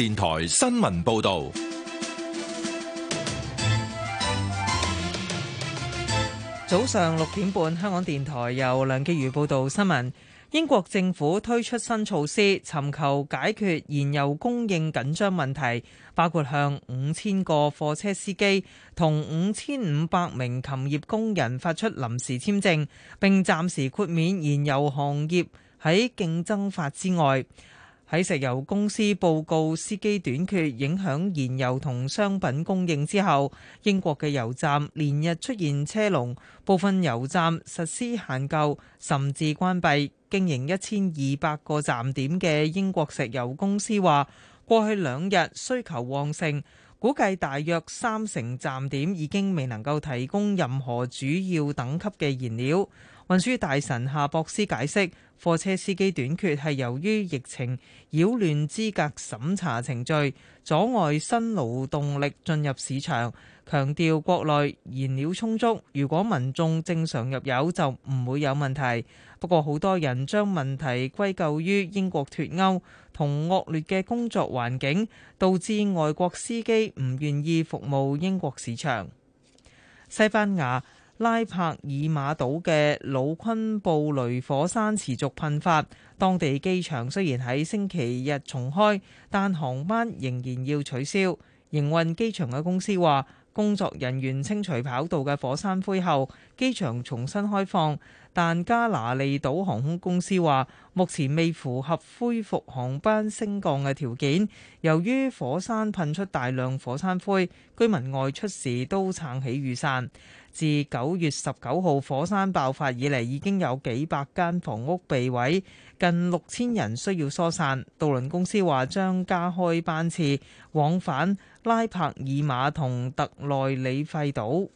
電台新聞報道，早上六點半，香港電台由梁潔如報道新聞。英國政府推出新措施，尋求解決燃油供應緊張問題，包括向五千個貨車司機同五千五百名禽業工人發出臨時簽證，並暫時豁免燃油行業喺競爭法之外。喺石油公司報告司機短缺影響燃油同商品供應之後，英國嘅油站連日出現車龍，部分油站實施限購甚至關閉。經營一千二百個站點嘅英國石油公司話，過去兩日需求旺盛，估計大約三成站點已經未能夠提供任何主要等級嘅燃料。運輸大臣夏博斯解釋。貨車司機短缺係由於疫情擾亂資格審查程序，阻礙新勞動力進入市場。強調國內燃料充足，如果民眾正常入油就唔會有問題。不過好多人將問題歸咎於英國脱歐同惡劣嘅工作環境，導致外國司機唔願意服務英國市場。西班牙。拉柏爾馬島嘅魯昆布雷火山持續噴發，當地機場雖然喺星期日重開，但航班仍然要取消。營運機場嘅公司話，工作人員清除跑道嘅火山灰後，機場重新開放，但加拿利島航空公司話，目前未符合恢復航班升降嘅條件。由於火山噴出大量火山灰，居民外出時都撐起雨傘。自九月十九號火山爆發以嚟，已經有幾百間房屋被毀，近六千人需要疏散。渡輪公司話將加開班次往返拉柏爾馬同特內里費島。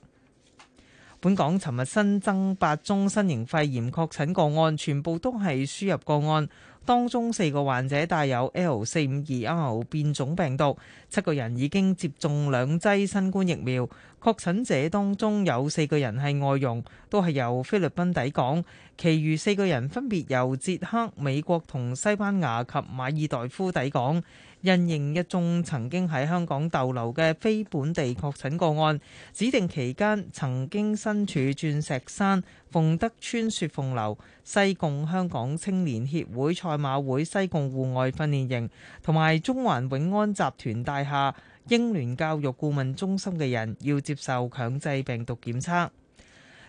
本港尋日新增八宗新型肺炎確診個案，全部都係輸入個案。當中四個患者帶有 L 四五二 R 變種病毒，七個人已經接種兩劑新冠疫苗。確診者當中有四個人係外傭，都係由菲律賓抵港，其餘四個人分別由捷克、美國、同西班牙及馬爾代夫抵港。因應一宗曾經喺香港逗留嘅非本地確診個案，指定期間曾經身處鑽石山鳳德邨雪鳳樓、西貢香港青年協會賽馬會西貢戶外訓練營同埋中環永安集團大廈英聯教育顧問中心嘅人，要接受強制病毒檢測。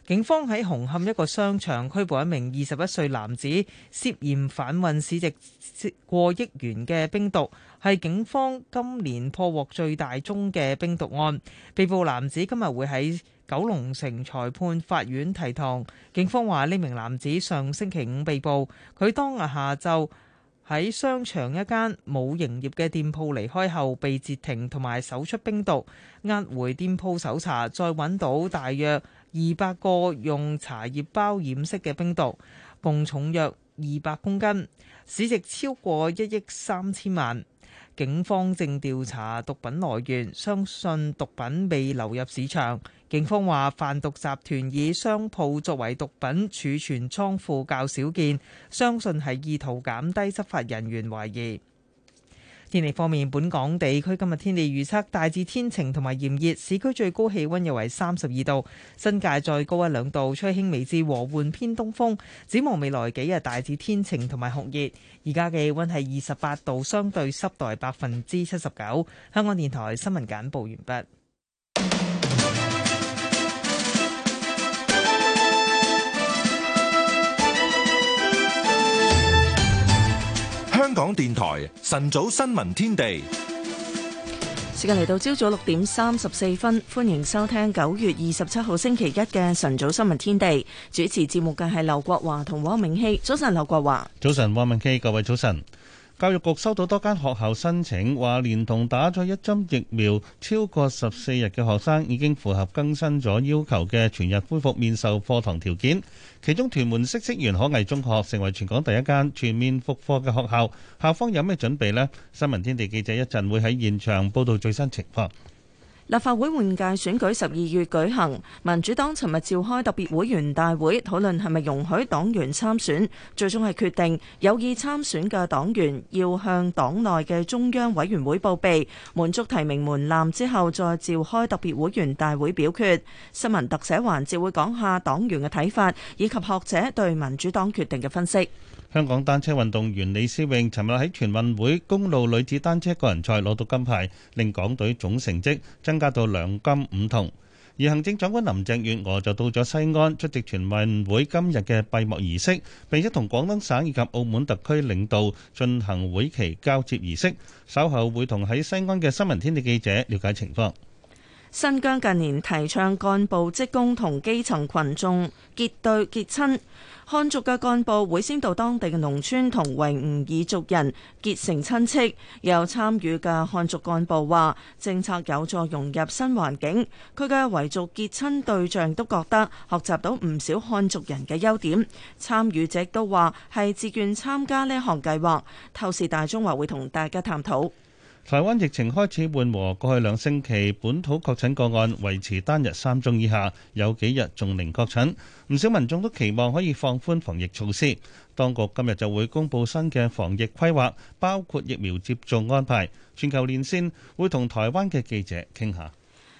警方喺紅磡一個商場拘捕一名二十一歲男子，涉嫌販運市值過億元嘅冰毒，係警方今年破獲最大宗嘅冰毒案。被捕男子今日會喺九龍城裁判法院提堂。警方話呢名男子上星期五被捕，佢當日下晝喺商場一間冇營業嘅店鋪離開後被截停，同埋搜出冰毒，押回店鋪搜查，再揾到大約二百個用茶葉包掩飾嘅冰毒，共重約二百公斤，市值超過一億三千萬。警方正調查毒品來源，相信毒品未流入市場。警方話，販毒集團以商鋪作為毒品儲存倉庫較少見，相信係意圖減低執法人員懷疑。天氣方面，本港地區今日天氣預測，大致天晴同埋炎熱，市區最高氣溫又為三十二度，新界再高一兩度，吹輕微至和緩偏東風。展望未來幾日，大致天晴同埋酷熱，而家嘅氣溫係二十八度，相對濕度係百分之七十九。香港電台新聞簡報完畢。香港電台晨早新聞天地，時間嚟到朝早六點三十四分，歡迎收聽九月二十七號星期一嘅晨早新聞天地。主持節目嘅係劉國華同汪明熙。早晨，劉國華。早晨，汪明熙。各位早晨。教育局收到多間學校申請話，連同打咗一針疫苗超過十四日嘅學生已經符合更新咗要求嘅全日恢復面授課堂條件。其中屯門嗇色園可藝中學成為全港第一間全面復課嘅學校，校方有咩準備咧？新聞天地記者一陣會喺現場報道最新情況。立法會換屆選舉十二月舉行，民主黨尋日召開特別會員大會討論係咪容許黨員參選，最終係決定有意參選嘅黨員要向黨內嘅中央委員會報備，滿足提名門檻之後再召開特別會員大會表決。新聞特寫環節會講下黨員嘅睇法以及學者對民主黨決定嘅分析。香港單車運動員李思穎尋日喺全運會公路女子單車個人賽攞到金牌，令港隊總成績增加到兩金五銅。而行政長官林鄭月娥就到咗西安出席全運會今日嘅閉幕儀式，並且同廣東省以及澳門特區領導進行會期交接儀式。稍後會同喺西安嘅新聞天地記者了解情況。新疆近年提倡幹部職工同基層群眾結對結親，漢族嘅幹部會先到當地嘅農村同維吾爾族人結成親戚。有參與嘅漢族幹部話政策有助融入新環境。佢嘅維族結親對象都覺得學習到唔少漢族人嘅優點，參與者都話係自願參加呢項計劃，透視大中華會同大家探討。台灣疫情開始緩和，過去兩星期本土確診個案維持單日三宗以下，有幾日仲零確診。唔少民眾都期望可以放寬防疫措施。當局今日就會公布新嘅防疫規劃，包括疫苗接種安排。全球連線會同台灣嘅記者傾下。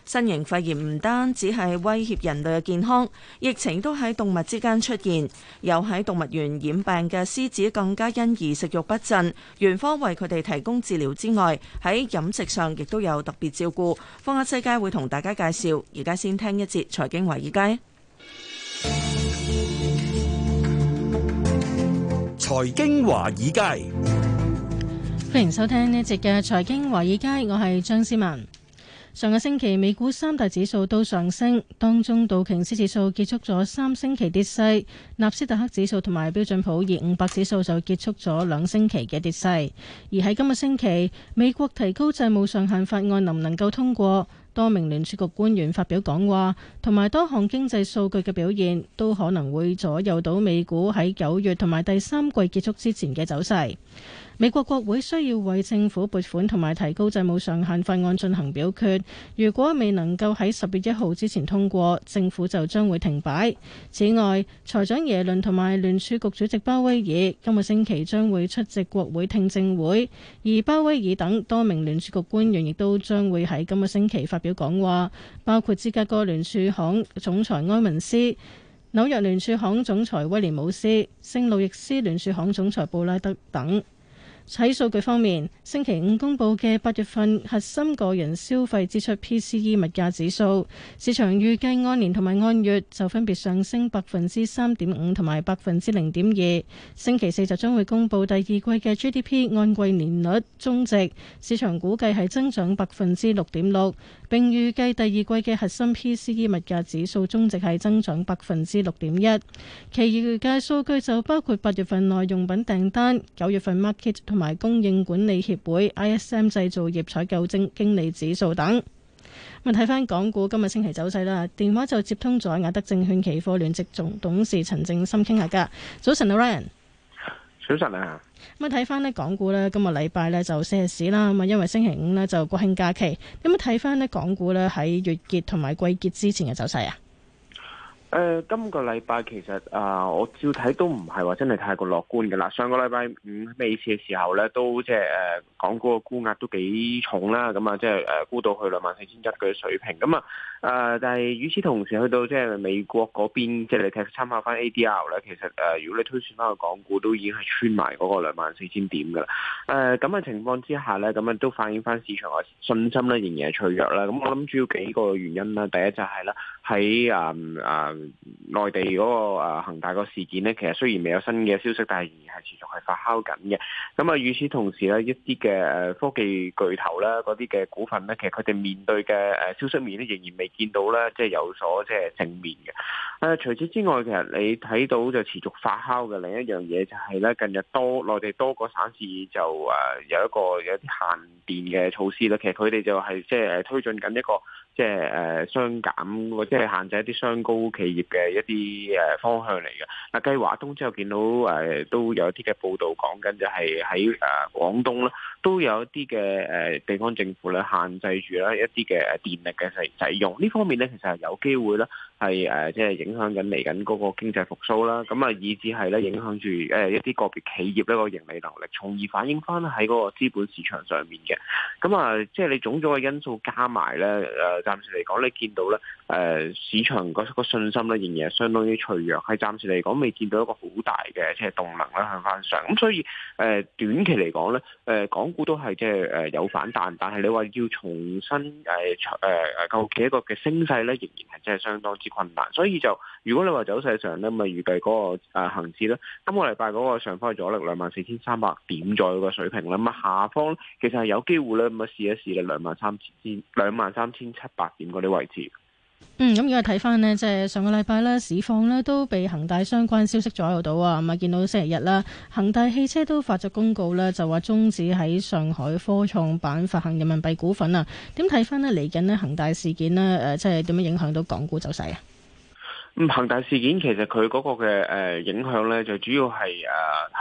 新型肺炎唔單止係威脅人類嘅健康，疫情都喺動物之間出現。有喺動物園染病嘅獅子更加因而食欲不振，園方為佢哋提供治療之外，喺飲食上亦都有特別照顧。方家世界會同大家介紹，而家先聽一節財經華爾街。財經華爾街，歡迎收聽呢一節嘅財經華爾街，我係張思文。上個星期，美股三大指數都上升，當中道瓊斯指數結束咗三星期跌勢，納斯達克指數同埋標準普爾五百指數就結束咗兩星期嘅跌勢。而喺今個星期，美國提高債務上限法案能唔能夠通過？多名聯儲局官員發表講話，同埋多項經濟數據嘅表現，都可能會左右到美股喺九月同埋第三季結束之前嘅走勢。美國國會需要為政府撥款同埋提高債務上限法案進行表決。如果未能夠喺十月一號之前通過，政府就將會停擺。此外，財長耶倫同埋聯儲局主席鮑威爾今個星期將會出席國會聽證會，而鮑威爾等多名聯儲局官員亦都將會喺今個星期發表講話，包括芝加哥聯儲行總裁埃文斯、紐約聯儲行總裁威廉姆斯、聖路易斯聯儲行總裁布拉德等。喺數據方面，星期五公佈嘅八月份核心個人消費支出 PCE 物價指數，市場預計按年同埋按月就分別上升百分之三點五同埋百分之零點二。星期四就將會公佈第二季嘅 GDP 按季年率終值，市場估計係增長百分之六點六，並預計第二季嘅核心 PCE 物價指數終值係增長百分之六點一。其餘嘅數據就包括八月份耐用品訂單、九月份 market。同埋供應管理協會 ISM 製造業採購經經理指數等咁啊，睇翻港股今日星期走勢啦。電話就接通咗亞德證券期貨聯席總董事陳正深傾下噶。早晨啊，Ryan。早晨啊，咁啊，睇翻咧港股呢？今日禮拜呢就星期就四,四啦。咁啊，因為星期五呢就國慶假期。有冇睇翻咧港股呢？喺月結同埋季結之前嘅走勢啊。誒、呃，今個禮拜其實啊、呃，我照睇都唔係話真係太過樂觀嘅啦。上個禮拜五尾市嘅時候咧，都即係誒，港股嘅、就是呃、沽壓都幾重啦。咁啊，即係誒沽到去兩萬四千一嗰啲水平。咁啊，誒、呃，但係與此同時，去到即係美國嗰邊，即係你睇參考翻 ADR 咧，其實誒、呃，如果你推算翻個港股，都已經係穿埋嗰個兩萬四千點嘅啦。誒、呃，咁嘅情況之下咧，咁啊都反映翻市場嘅信心咧，仍然係脆弱啦。咁我諗主要幾個原因啦，第一就係啦。喺啊啊，內地嗰、那個啊、呃、恒大個事件呢，其實雖然未有新嘅消息，但係仍然係持續係發酵緊嘅。咁啊，與此同時呢，一啲嘅誒科技巨頭啦，嗰啲嘅股份呢，其實佢哋面對嘅誒消息面呢，仍然未見到咧，即係有所即係正面嘅。誒、啊，除此之外，其實你睇到就持續發酵嘅另一樣嘢，就係咧，近日多內地多個省市就啊有一個有啲限電嘅措施啦。其實佢哋就係、是、即係推進緊一個即係誒雙減即係限制一啲雙高企業嘅一啲誒方向嚟嘅。嗱，繼華東之後見到誒都有一啲嘅報道講緊，就係喺誒廣東啦，都有一啲嘅誒地方政府咧限制住啦一啲嘅電力嘅使使用。呢方面咧，其實係有機會啦。係誒，即係影響緊嚟緊嗰個經濟復甦啦，咁啊，以至係咧影響住誒一啲個別企業一個盈利能力，從而反映翻喺嗰個資本市場上面嘅。咁啊，即係你種種嘅因素加埋咧，誒、呃、暫時嚟講，你見到咧誒、呃、市場嗰個、呃、信心咧，仍然係相當之脆弱，係暫時嚟講未見到一個好大嘅即係動能啦向翻上。咁所以誒、呃、短期嚟講咧，誒、呃、港股都係即係誒有反彈，但係你話要重新誒誒誒舊期一個嘅升勢咧，仍然係真係相當之困難，所以就如果你話走勢上咧，咪預計嗰個誒恒指咧，今個禮拜嗰個上方嘅阻力兩萬四千三百點左右嘅水平啦，咁啊下方其實係有機會咧，咁啊試一試咧兩萬三千、兩萬三千七百點嗰啲位置。嗯，咁如果睇翻呢，即係上個禮拜呢，市況呢都被恒大相關消息左右到啊，咁啊見到星期日啦，恒大汽車都發咗公告呢，就話終止喺上海科創板發行人民幣股份啊。點睇翻呢？嚟緊呢，恒大事件呢，誒、呃，即係點樣影響到港股走勢啊？咁恒大事件其實佢嗰個嘅誒影響呢，就主要係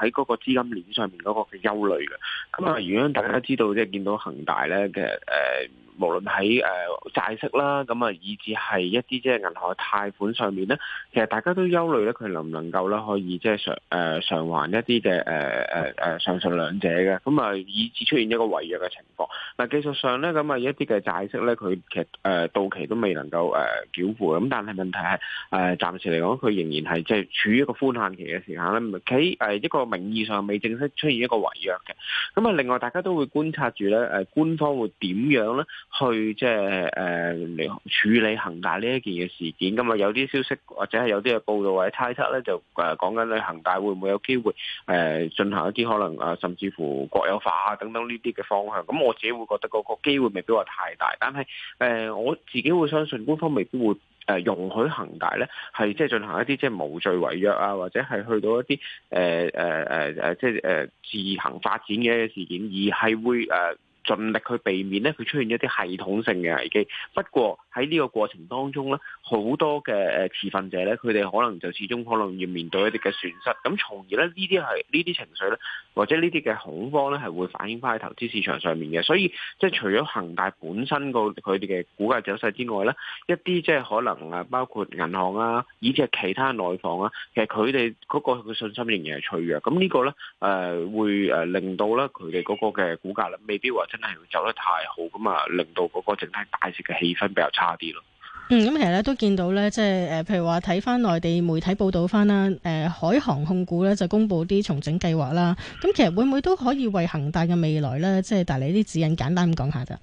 誒喺嗰個資金鏈上面嗰個嘅憂慮嘅。咁啊，如果大家都知道即係見到恒大呢嘅。誒、呃。無論喺誒債息啦，咁啊，以至係一啲即係銀行嘅貸款上面咧，其實大家都憂慮咧，佢能唔能夠啦，可以即係償誒償還一啲嘅、呃、上述兩者嘅，咁啊，以至出現一個違約嘅情況。嗱、啊，技術上咧，咁啊，一啲嘅債息咧，佢其實誒、呃、到期都未能夠誒繳付，咁但係問題係誒、呃、暫時嚟講，佢仍然係即係處於一個寬限期嘅時間咧，企喺一個名義上未正式出現一個違約嘅。咁啊，另外大家都會觀察住咧、呃，官方會點樣咧？去即係誒處理恒大呢一件嘅事件，咁啊有啲消息或者係有啲嘅報導或者猜測咧，就誒講緊你恒大會唔會有機會誒、呃、進行一啲可能啊甚至乎國有化等等呢啲嘅方向？咁我自己會覺得嗰、嗰個嗰個機會未必話太大，但係誒、呃、我自己會相信官方未必會誒容許恒大咧係即係進行一啲即係無罪違約啊，或者係去到一啲誒誒即係誒自行發展嘅事件，而係會誒。呃盡力去避免咧，佢出現一啲系統性嘅危機。不過喺呢個過程當中咧，好多嘅誒持份者咧，佢哋可能就始終可能要面對一啲嘅損失。咁從而咧，呢啲係呢啲情緒咧，或者呢啲嘅恐慌咧，係會反映翻喺投資市場上面嘅。所以即係除咗恒大本身個佢哋嘅股價走勢之外咧，一啲即係可能啊，包括銀行啊，以及其他內房啊，其實佢哋嗰個信心仍然係脆弱。咁呢個咧誒會誒令到咧佢哋嗰個嘅股價咧，未必話。真係會走得太好咁啊，令到嗰個整體大市嘅氣氛比較差啲咯。嗯，咁其實咧都見到咧，即係誒，譬如話睇翻內地媒體報道翻啦，誒，海航控股咧就公布啲重整計劃啦。咁其實會唔會都可以為恒大嘅未來咧，即係帶嚟啲指引？簡單咁講下咋。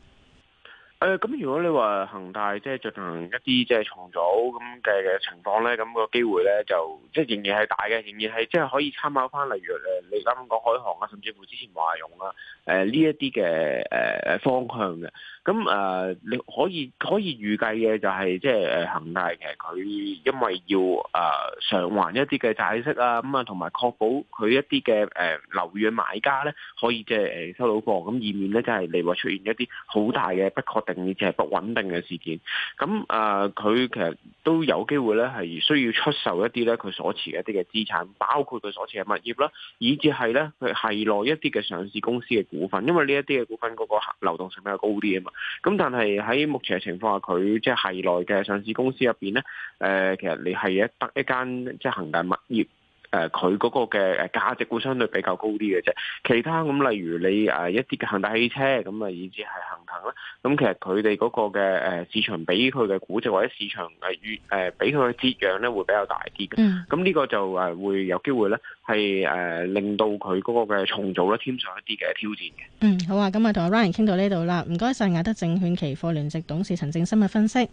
誒，咁如果你話恒大即係進行一啲即係重組咁嘅嘅情況咧，咁個機會咧就即係仍然係大嘅，仍然係即係可以參考翻，例如誒你啱啱講海航啊，甚至乎之前華融啊，誒呢一啲嘅誒誒方向嘅。咁誒，你、呃、可以可以預計嘅就係即係誒，恒大其實佢因為要誒、呃、償還一啲嘅債息啊，咁、嗯、啊，同埋確保佢一啲嘅留樓宇買家咧可以即係、呃、收到貨，咁以免咧即係你話出現一啲好大嘅不確定，即、就、係、是、不穩定嘅事件。咁誒，佢、呃、其實都有機會咧係需要出售一啲咧佢所持一啲嘅資產，包括佢所持嘅物業啦，以至係咧佢係內一啲嘅上市公司嘅股份，因為呢一啲嘅股份嗰個流動性比較高啲啊嘛。咁但係喺目前嘅情況下，佢即係系內嘅上市公司入邊咧，誒、呃，其實你係一得一間，即係恒大物業。誒，佢嗰個嘅誒價值股相對比較高啲嘅啫。其他咁，例如你誒一啲嘅恒大汽車咁啊，以至係恒騰啦。咁其實佢哋嗰個嘅誒市場俾佢嘅估值或者市場誒越誒俾佢嘅折讓咧會比較大啲嘅。咁呢個就誒會有機會咧係誒令到佢嗰個嘅重組咧添上一啲嘅挑戰嘅。嗯，好啊，今日同阿 Ryan 傾到呢度啦，唔該晒亞德證券期貨聯席董事陳正深嘅分析。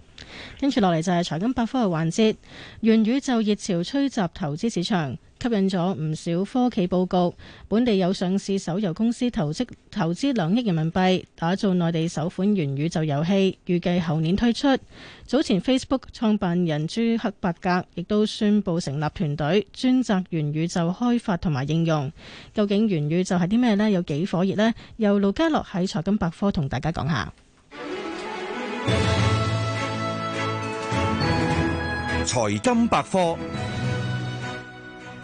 跟住落嚟就係財經百科嘅環節，元宇宙熱潮吹襲投資市場。吸引咗唔少科技報告，本地有上市手遊公司投資投資兩億人民幣，打造內地首款元宇宙遊戲，預計後年推出。早前 Facebook 創辦人朱克伯格亦都宣布成立團隊，專責元宇宙開發同埋應用。究竟元宇宙係啲咩咧？有幾火熱咧？由盧嘉樂喺財金百科同大家講下。財金百科。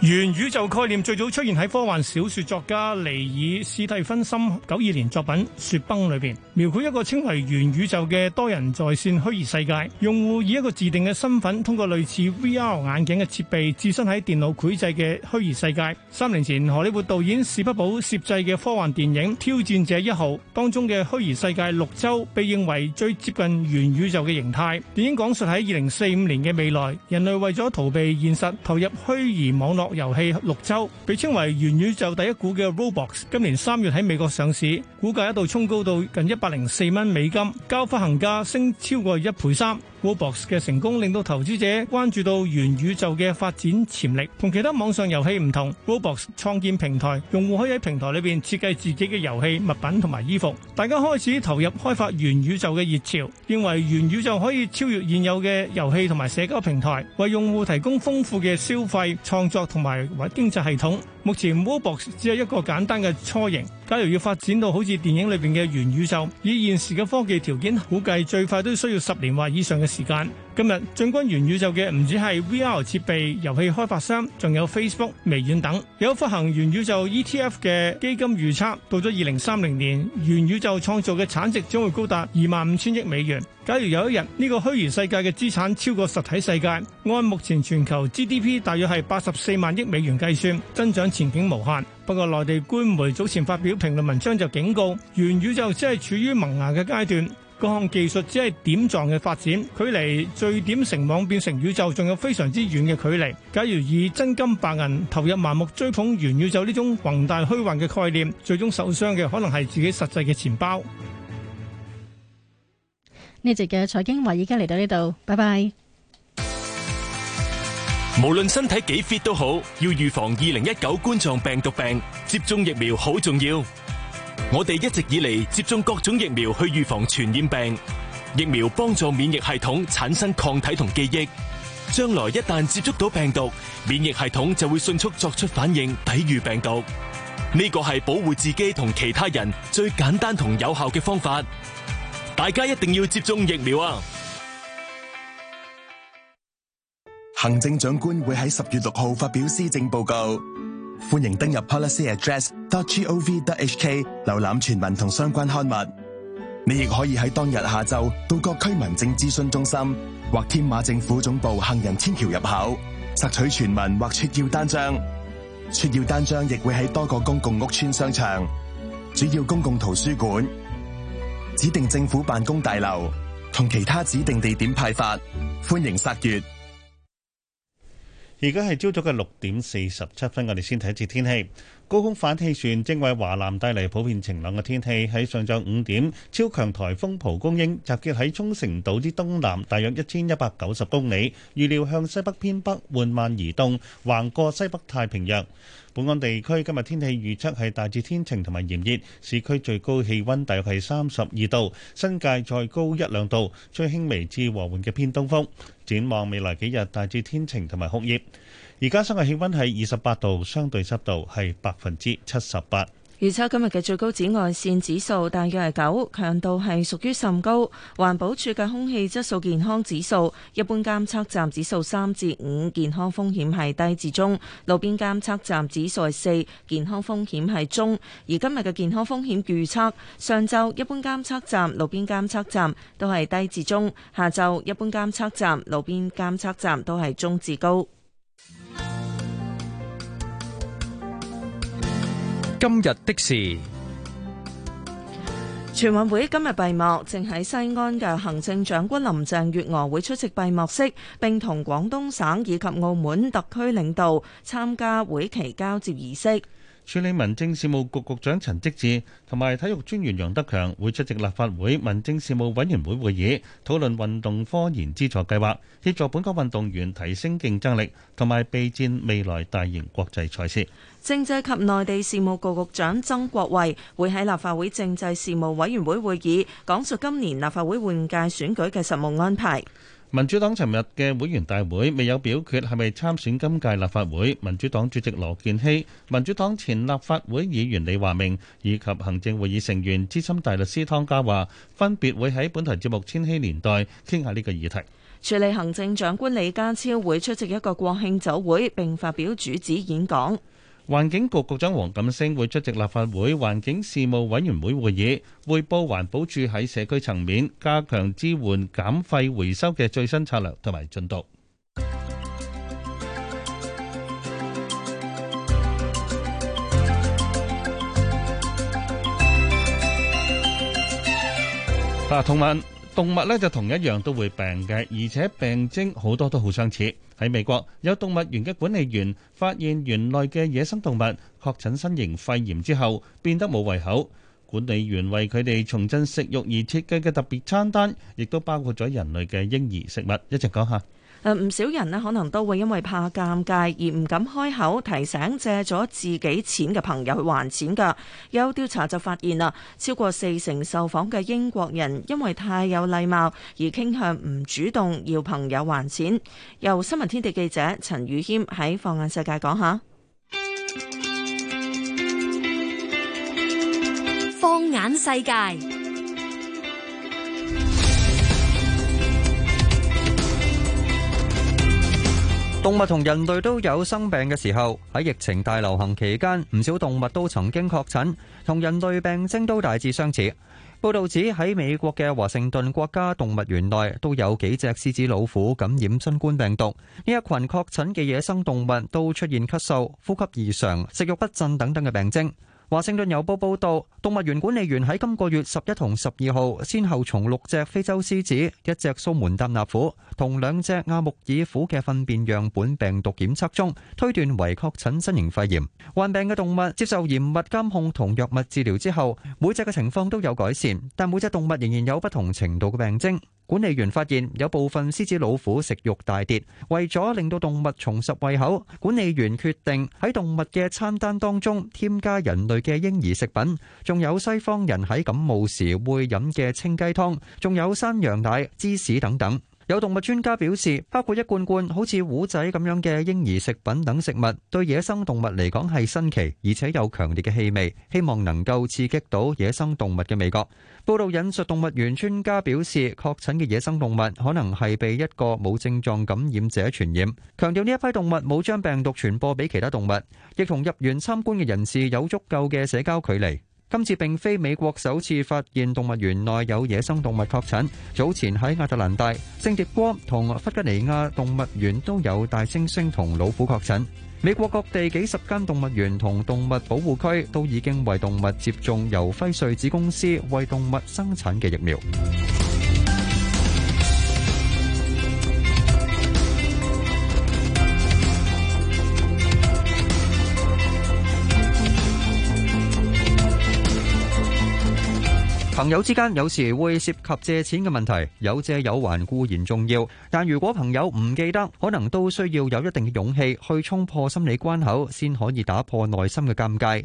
元宇宙概念最早出現喺科幻小說作家尼爾史蒂芬森九二年作品《雪崩》裏邊，描繪一個稱為元宇宙嘅多人在線虛擬世界，用戶以一個自定嘅身份，通過類似 VR 眼鏡嘅設備，置身喺電腦繪製嘅虛擬世界。三年前，荷里活導演史匹堡攝製嘅科幻電影《挑戰者一號》當中嘅虛擬世界綠洲，被認為最接近元宇宙嘅形態。電影講述喺二零四五年嘅未來，人類為咗逃避現實，投入虛擬網絡。遊戲綠洲被稱為元宇宙第一股嘅 Roblox，今年三月喺美國上市，股價一度衝高到近一百零四蚊美金，交發行價升超過一倍三。w o b o x 嘅成功令到投資者關注到元宇宙嘅發展潛力，同其他網上遊戲唔同。w o b o x 創建平台，用戶可以喺平台裏面設計自己嘅遊戲物品同埋衣服。大家開始投入開發元宇宙嘅熱潮，認為元宇宙可以超越現有嘅遊戲同埋社交平台，為用戶提供豐富嘅消費、創作同埋經濟系統。目前 w o b o x 只有一個簡單嘅初型。假如要發展到好似電影裏面嘅元宇宙，以現時嘅科技條件，估計最快都需要十年或以上嘅時間。今日進軍元宇宙嘅唔止係 VR 設備、遊戲開發商，仲有 Facebook、微軟等。有發行元宇宙 ETF 嘅基金預測，到咗二零三零年，元宇宙創造嘅產值將會高達二萬五千億美元。假如有一日呢個虛擬世界嘅資產超過實體世界，按目前全球 GDP 大約係八十四萬億美元計算，增長前景無限。個內地官媒早前發表評論文章就警告，元宇宙只係處於萌芽嘅階段，各項技術只係點狀嘅發展，距離聚點成網變成宇宙仲有非常之遠嘅距離。假如以真金白銀投入盲目追捧元宇宙呢種宏大虛幻嘅概念，最終受傷嘅可能係自己實際嘅錢包。呢集嘅財經話，已經嚟到呢度，拜拜。無論身體幾 fit 都好，要預防二零一九冠狀病毒病，接種疫苗好重要。我哋一直以嚟接種各種疫苗去預防傳染病，疫苗幫助免疫系統產生抗體同記憶，將來一旦接觸到病毒，免疫系統就會迅速作出反應，抵禦病毒。呢個係保護自己同其他人最簡單同有效嘅方法，大家一定要接種疫苗啊！行政長官會喺十月六號發表施政報告，歡迎登入 policyaddress.gov.hk 瀏覽全文同相關刊物。你亦可以喺當日下晝到各區民政諮詢中心或天馬政府總部行人天橋入口索取全文或撮要單張。撮要單張亦會喺多個公共屋邨、商場、主要公共圖書館、指定政府辦公大樓同其他指定地點派發，歡迎索取。而家係朝早嘅六點四十七分，我哋先睇一次天氣。高空反氣旋正為華南帶嚟普遍晴朗嘅天氣。喺上晝五點，超強颱風蒲公英集結喺沖繩島之東南，大約一千一百九十公里，預料向西北偏北緩慢移動，橫過西北太平洋。本港地區今日天氣預測係大致天晴同埋炎熱，市區最高氣溫大約係三十二度，新界再高一兩度，吹輕微至和緩嘅偏東風。展望未來幾日，大致天晴同埋酷熱，而家室外氣溫係二十八度，相對濕度係百分之七十八。預測今日嘅最高紫外線指數大約係九，強度係屬於甚高。環保署嘅空氣質素健康指數，一般監測站指數三至五，健康風險係低至中；路邊監測站指數係四，健康風險係中。而今日嘅健康風險預測，上晝一般監測站、路邊監測站都係低至中；下晝一般監測站、路邊監測站都係中至高。今日的事，全運會今日閉幕，正喺西安嘅行政長官林鄭月娥會出席閉幕式，並同廣東省以及澳門特區領導參加會期交接儀式。處理民政事務局局長陳積志同埋體育專員楊德強會出席立法會民政事務委員會會議，討論運動科研資助計劃，協助本港運動員提升競爭力同埋備戰未來大型國際賽事。政制及內地事務局局長曾國衛會喺立法會政制事務委員會會議講述今年立法會換屆選舉嘅實務安排。民主黨尋日嘅會員大會未有表決係咪參選今屆立法會。民主黨主席羅健熙、民主黨前立法會議員李華明以及行政會議成員資深大律師湯家驊分別會喺本台節目《千禧年代》傾下呢個議題。處理行政長官李家超會出席一個國慶酒會並發表主旨演講。環境局局長黃錦星會出席立法會環境事務委員會會議，匯報環保署喺社區層面加強支援減廢回收嘅最新策略同埋進度。嗱，同問。動物咧，就同一樣都會病嘅，而且病徵好多都好相似。喺美國有動物園嘅管理員發現園內嘅野生動物確診新型肺炎之後，變得冇胃口。管理員為佢哋重振食欲而設計嘅特別餐單，亦都包括咗人類嘅嬰兒食物。一齊講下。誒，唔少人呢可能都會因為怕尷尬而唔敢開口提醒借咗自己錢嘅朋友去還錢噶。有調查就發現啦，超過四成受訪嘅英國人因為太有禮貌而傾向唔主動要朋友還錢。由新聞天地記者陳宇謙喺放眼世界講下，放眼世界。動物同人類都有生病嘅時候，喺疫情大流行期間，唔少動物都曾經確診，同人類病徵都大致相似。報道指，喺美國嘅華盛頓國家動物園內，都有幾隻獅子老虎感染新冠病毒。呢一群確診嘅野生動物都出現咳嗽、呼吸異常、食慾不振等等嘅病徵。華盛頓郵報報道，動物園管理員喺今個月十一同十二號先後從六隻非洲獅子、一隻蘇門答臘虎同兩隻阿穆爾虎嘅糞便樣本病毒檢測中，推斷為確診新型肺炎。患病嘅動物接受嚴密監控同藥物治療之後，每隻嘅情況都有改善，但每隻動物仍然有不同程度嘅病徵。管理員發現有部分獅子老虎食慾大跌，為咗令到動物重拾胃口，管理員決定喺動物嘅餐單當中添加人類嘅嬰兒食品，仲有西方人喺感冒時會飲嘅清雞湯，仲有山羊奶、芝士等等。有動物專家表示，包括一罐罐好似虎仔咁樣嘅嬰兒食品等食物，對野生動物嚟講係新奇，而且有強烈嘅氣味，希望能夠刺激到野生動物嘅味覺。報導引述動物園專家表示，確診嘅野生動物可能係被一個冇症狀感染者傳染，強調呢一批動物冇將病毒傳播俾其他動物，亦同入園參觀嘅人士有足夠嘅社交距離。今次並非美國首次發現動物園內有野生動物確診，早前喺亞特蘭大、聖迭戈同弗吉尼亞動物園都有大猩猩同老虎確診。美國各地幾十間動物園同動物保護區都已經為動物接種由輝瑞子公司為動物生產嘅疫苗。朋友之間有時會涉及借錢嘅問題，有借有還固然重要。但如果朋友唔記得，可能都需要有一定嘅勇氣，去衝破心理關口，先可以打破內心嘅尷尬。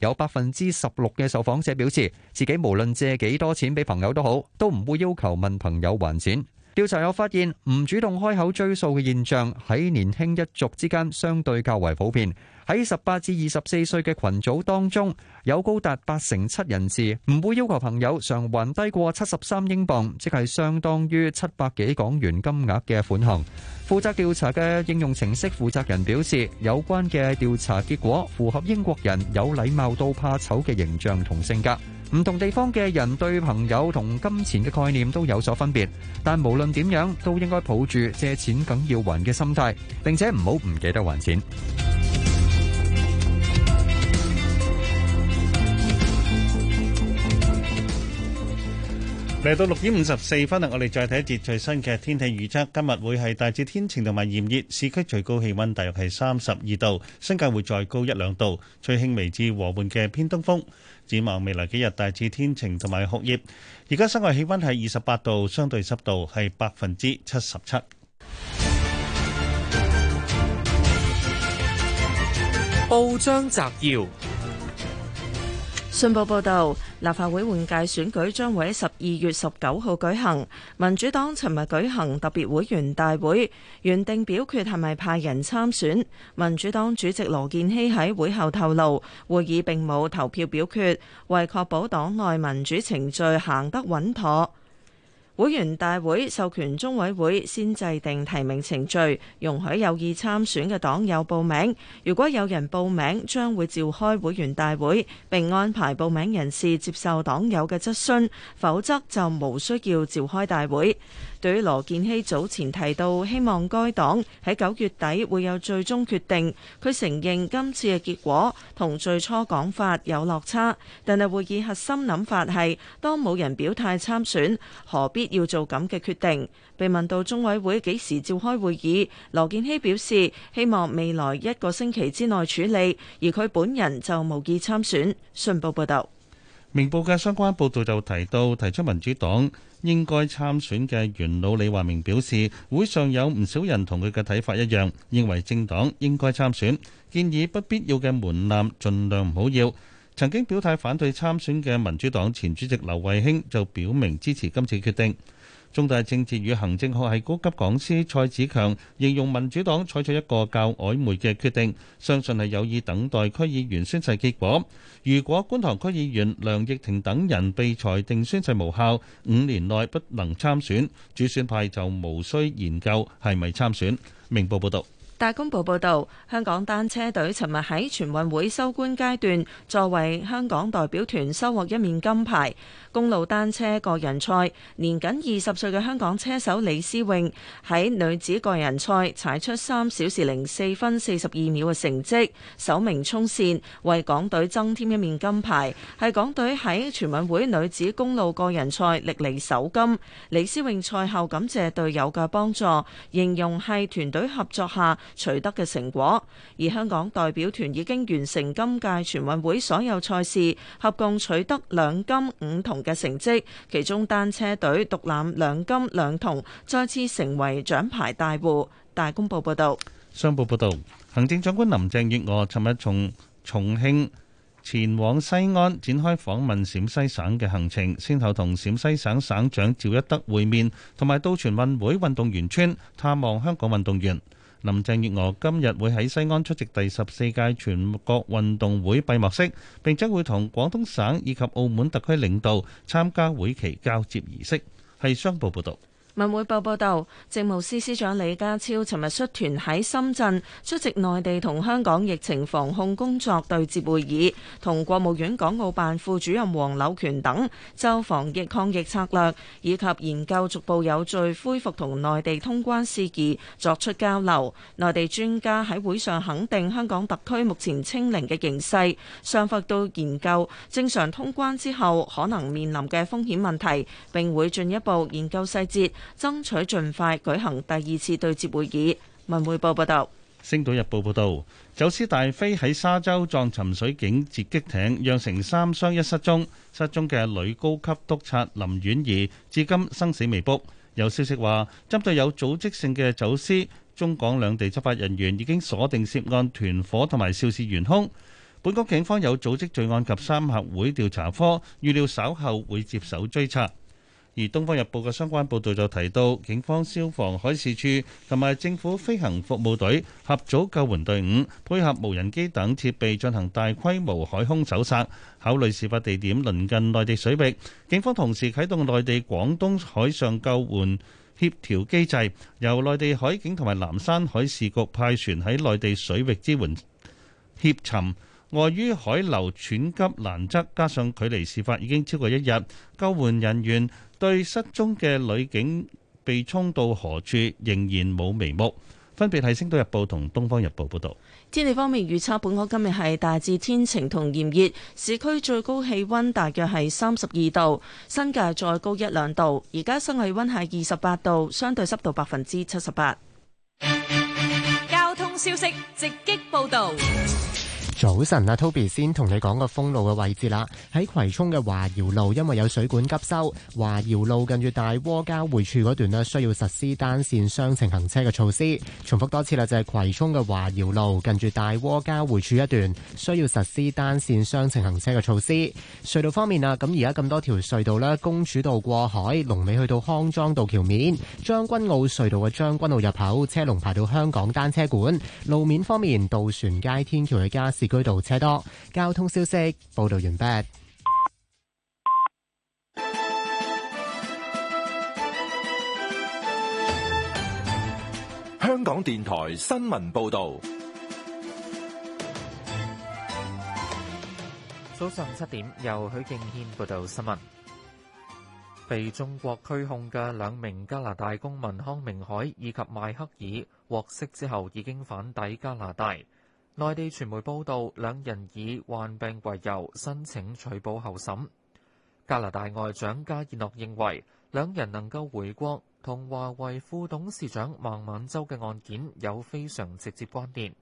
有百分之十六嘅受訪者表示，自己無論借幾多錢俾朋友都好，都唔會要求問朋友還錢。調查又發現唔主動開口追數嘅現象喺年輕一族之間相對較為普遍。喺18至24歲嘅群組當中，有高達八成七人士唔會要求朋友償還低過七十三英鎊，即係相當於七百幾港元金額嘅款項。負責調查嘅應用程式負責人表示，有關嘅調查結果符合英國人有禮貌到怕醜嘅形象同性格。唔同地方嘅人對朋友同金錢嘅概念都有所分別，但無論點樣都應該抱住借錢梗要還嘅心態，並且唔好唔記得還錢。嚟到六點五十四分啦，我哋再睇一節最新嘅天氣預測。今日會係大致天晴同埋炎熱，市區最高氣温大約係三十二度，新界會再高一兩度，吹輕微至和緩嘅偏東風。展望未來幾日，大致天晴同埋酷熱。而家室外氣温係二十八度，相對濕度係百分之七十七。報章摘要。信報報導，立法會換屆選舉將會喺十二月十九號舉行。民主黨尋日舉行特別會員大會，原定表決係咪派人參選。民主黨主席羅健熙喺會後透露，會議並冇投票表決，為確保黨內民主程序行得穩妥。會員大會授權中委會先制定提名程序，容許有意參選嘅黨友報名。如果有人報名，將會召開會員大會，並安排報名人士接受黨友嘅質詢，否則就無需要召開大會。對於羅健熙早前提到希望該黨喺九月底會有最終決定，佢承認今次嘅結果同最初講法有落差，但係會議核心諗法係當冇人表態參選，何必要做咁嘅決定？被問到中委會幾時召開會議，羅健熙表示希望未來一個星期之內處理，而佢本人就無意參選。信報報道。明報嘅相關報道就提到，提出民主黨應該參選嘅元老李華明表示，會上有唔少人同佢嘅睇法一樣，認為政黨應該參選，建議不必要嘅門檻盡量唔好要要。曾經表態反對參選嘅民主黨前主席劉慧卿就表明支持今次決定。中大政治與行政學系高級講師蔡子強，形容民主黨採取一個較曖昧嘅決定，相信係有意等待區議員宣誓結果。如果觀塘區議員梁翼亭等人被裁定宣誓無效，五年內不能參選，主選派就無需研究係咪參選。明報報道。大公報報導，香港單車隊尋日喺全運會收官階段，作為香港代表團收穫一面金牌。公路單車個人賽，年僅二十歲嘅香港車手李思穎喺女子個人賽踩出三小時零四分四十二秒嘅成績，首名衝線，為港隊增添一面金牌，係港隊喺全運會女子公路個人賽歷嚟首金。李思穎賽後感謝隊友嘅幫助，形容係團隊合作下取得嘅成果，而香港代表團已經完成今屆全運會所有賽事，合共取得兩金五銅嘅成績，其中單車隊獨攬兩金兩銅，再次成為獎牌大戶。大公報報導，商報報導，行政長官林鄭月娥尋日從重慶前往西安，展開訪問陝西省嘅行程，先後同陝西省省長趙一德會面，同埋到全運會運動員村探望香港運動員。林鄭月娥今日會喺西安出席第十四屆全國運動會閉幕式，並將會同廣東省以及澳門特區領導參加會旗交接儀式。係商報報導。文匯報報道，政務司司長李家超尋日率團喺深圳出席內地同香港疫情防控工作對接會議，同國務院港澳辦副主任黃柳權等就防疫抗疫策略以及研究逐步有序恢復同內地通關事宜作出交流。內地專家喺會上肯定香港特區目前清零嘅形勢，雙方都研究正常通關之後可能面臨嘅風險問題，並會進一步研究細節，爭取盡快舉行第二次對接會議。文匯報報道，《星島日報》報道，走私大飛喺沙洲撞沉水警截擊艇，釀成三傷一失蹤。失蹤嘅女高級督察林婉儀至今生死未卜。有消息話，針對有組織性嘅走私，中港兩地執法人員已經鎖定涉案團伙同埋肇事元兇。本港警方有組織罪案及三合會調查科預料稍後會接手追查。而《東方日報》嘅相關報導就提到，警方、消防、海事處同埋政府飛行服務隊合組救援隊伍，配合無人機等設備進行大規模海空搜索。考慮事發地點鄰近內地水域，警方同時啟動內地廣東海上救援協調機制，由內地海警同埋南山海事局派船喺內地水域支援協尋。礙於海流湍急難測，加上距離事發已經超過一日，救援人員對失蹤嘅女警被沖到何處，仍然冇眉目。分別睇《星島日報》同《東方日報》報道。天氣方面，預測本港今日係大致天晴同炎熱，市區最高氣溫大約係三十二度，新界再高一兩度。而家室外溫度係二十八度，相對濕度百分之七十八。交通消息直擊報道。早晨啊，Toby 先同你講個封路嘅位置啦。喺葵涌嘅華堯路，因為有水管急修，華堯路近住大窩交匯處嗰段，需要實施單線雙程行車嘅措施。重複多次啦，就係葵涌嘅華堯路近住大窩交匯處一段，需要實施單線雙程行車嘅措施。隧道方面啊，咁而家咁多條隧道咧，公主道過海，龍尾去到康莊道橋面，將軍澳隧道嘅將軍澳入口車龍排到香港單車館。路面方面，渡船街天橋嘅加士居道車多，交通消息報導完畢。香港電台新聞報導，早上七點由許敬軒報導新聞。被中國拘控嘅兩名加拿大公民康明凱以及邁克爾獲釋之後，已經返抵加拿大。內地傳媒報道，兩人以患病為由申請取保候審。加拿大外長加爾諾認為，兩人能夠回國同華為副董事長孟晚舟嘅案件有非常直接關聯。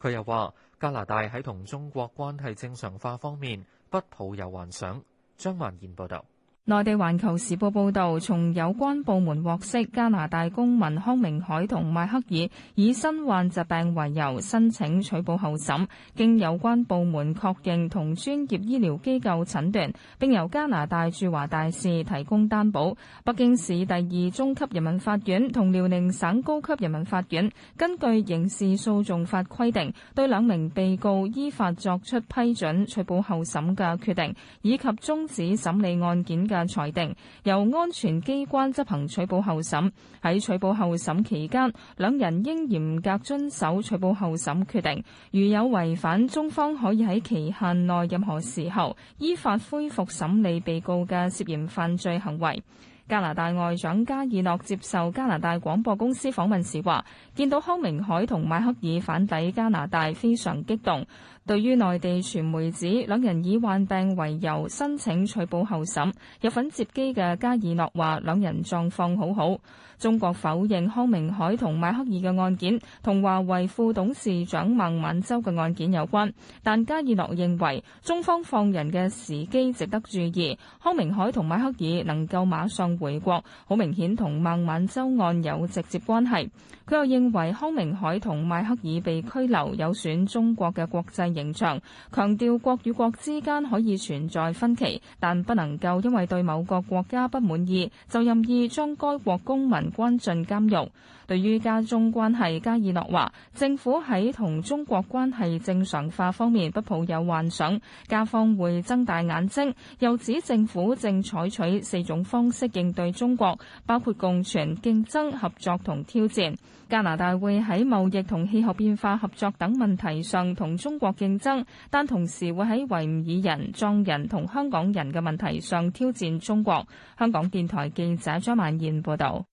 佢又話，加拿大喺同中國關係正常化方面不抱有幻想。張曼賢報道。內地環球時報報道，從有關部門獲悉，加拿大公民康明凱同邁克爾以身患疾病為由申請取保候審，經有關部門確認同專業醫療機構診斷，並由加拿大駐華大使提供擔保。北京市第二中級人民法院同遼寧省高級人民法院根據刑事訴訟法規定，對兩名被告依法作出批准取保候審嘅決定，以及終止審理案件嘅裁定，由安全機關執行取保候審。喺取保候審期間，兩人應嚴格遵守取保候審決定。如有違反，中方可以喺期限內任何時候依法恢復審理被告嘅涉嫌犯罪行為。加拿大外長加爾諾接受加拿大廣播公司訪問時話，見到康明凱同邁克爾返抵加拿大，非常激動。對於內地傳媒指兩人以患病為由申請取保候審，有份接機嘅加爾諾話：兩人狀況好好。中國否認康明凱同邁克爾嘅案件同華為副董事長孟晚舟嘅案件有關，但加爾諾認為中方放人嘅時機值得注意。康明凱同邁克爾能夠馬上回國，好明顯同孟晚舟案有直接關係。佢又認為康明凱同邁克爾被拘留有損中國嘅國際形象，強調國與國之間可以存在分歧，但不能夠因為對某個國家不滿意就任意將該國公民。關進監獄。對於加中關係，加爾諾話，政府喺同中國關係正常化方面不抱有幻想，加方會睜大眼睛。又指政府正採取四種方式應對中國，包括共存、競爭、合作同挑戰。加拿大會喺貿易同氣候變化合作等問題上同中國競爭，但同時會喺維吾爾人、藏人同香港人嘅問題上挑戰中國。香港電台記者張曼燕報道。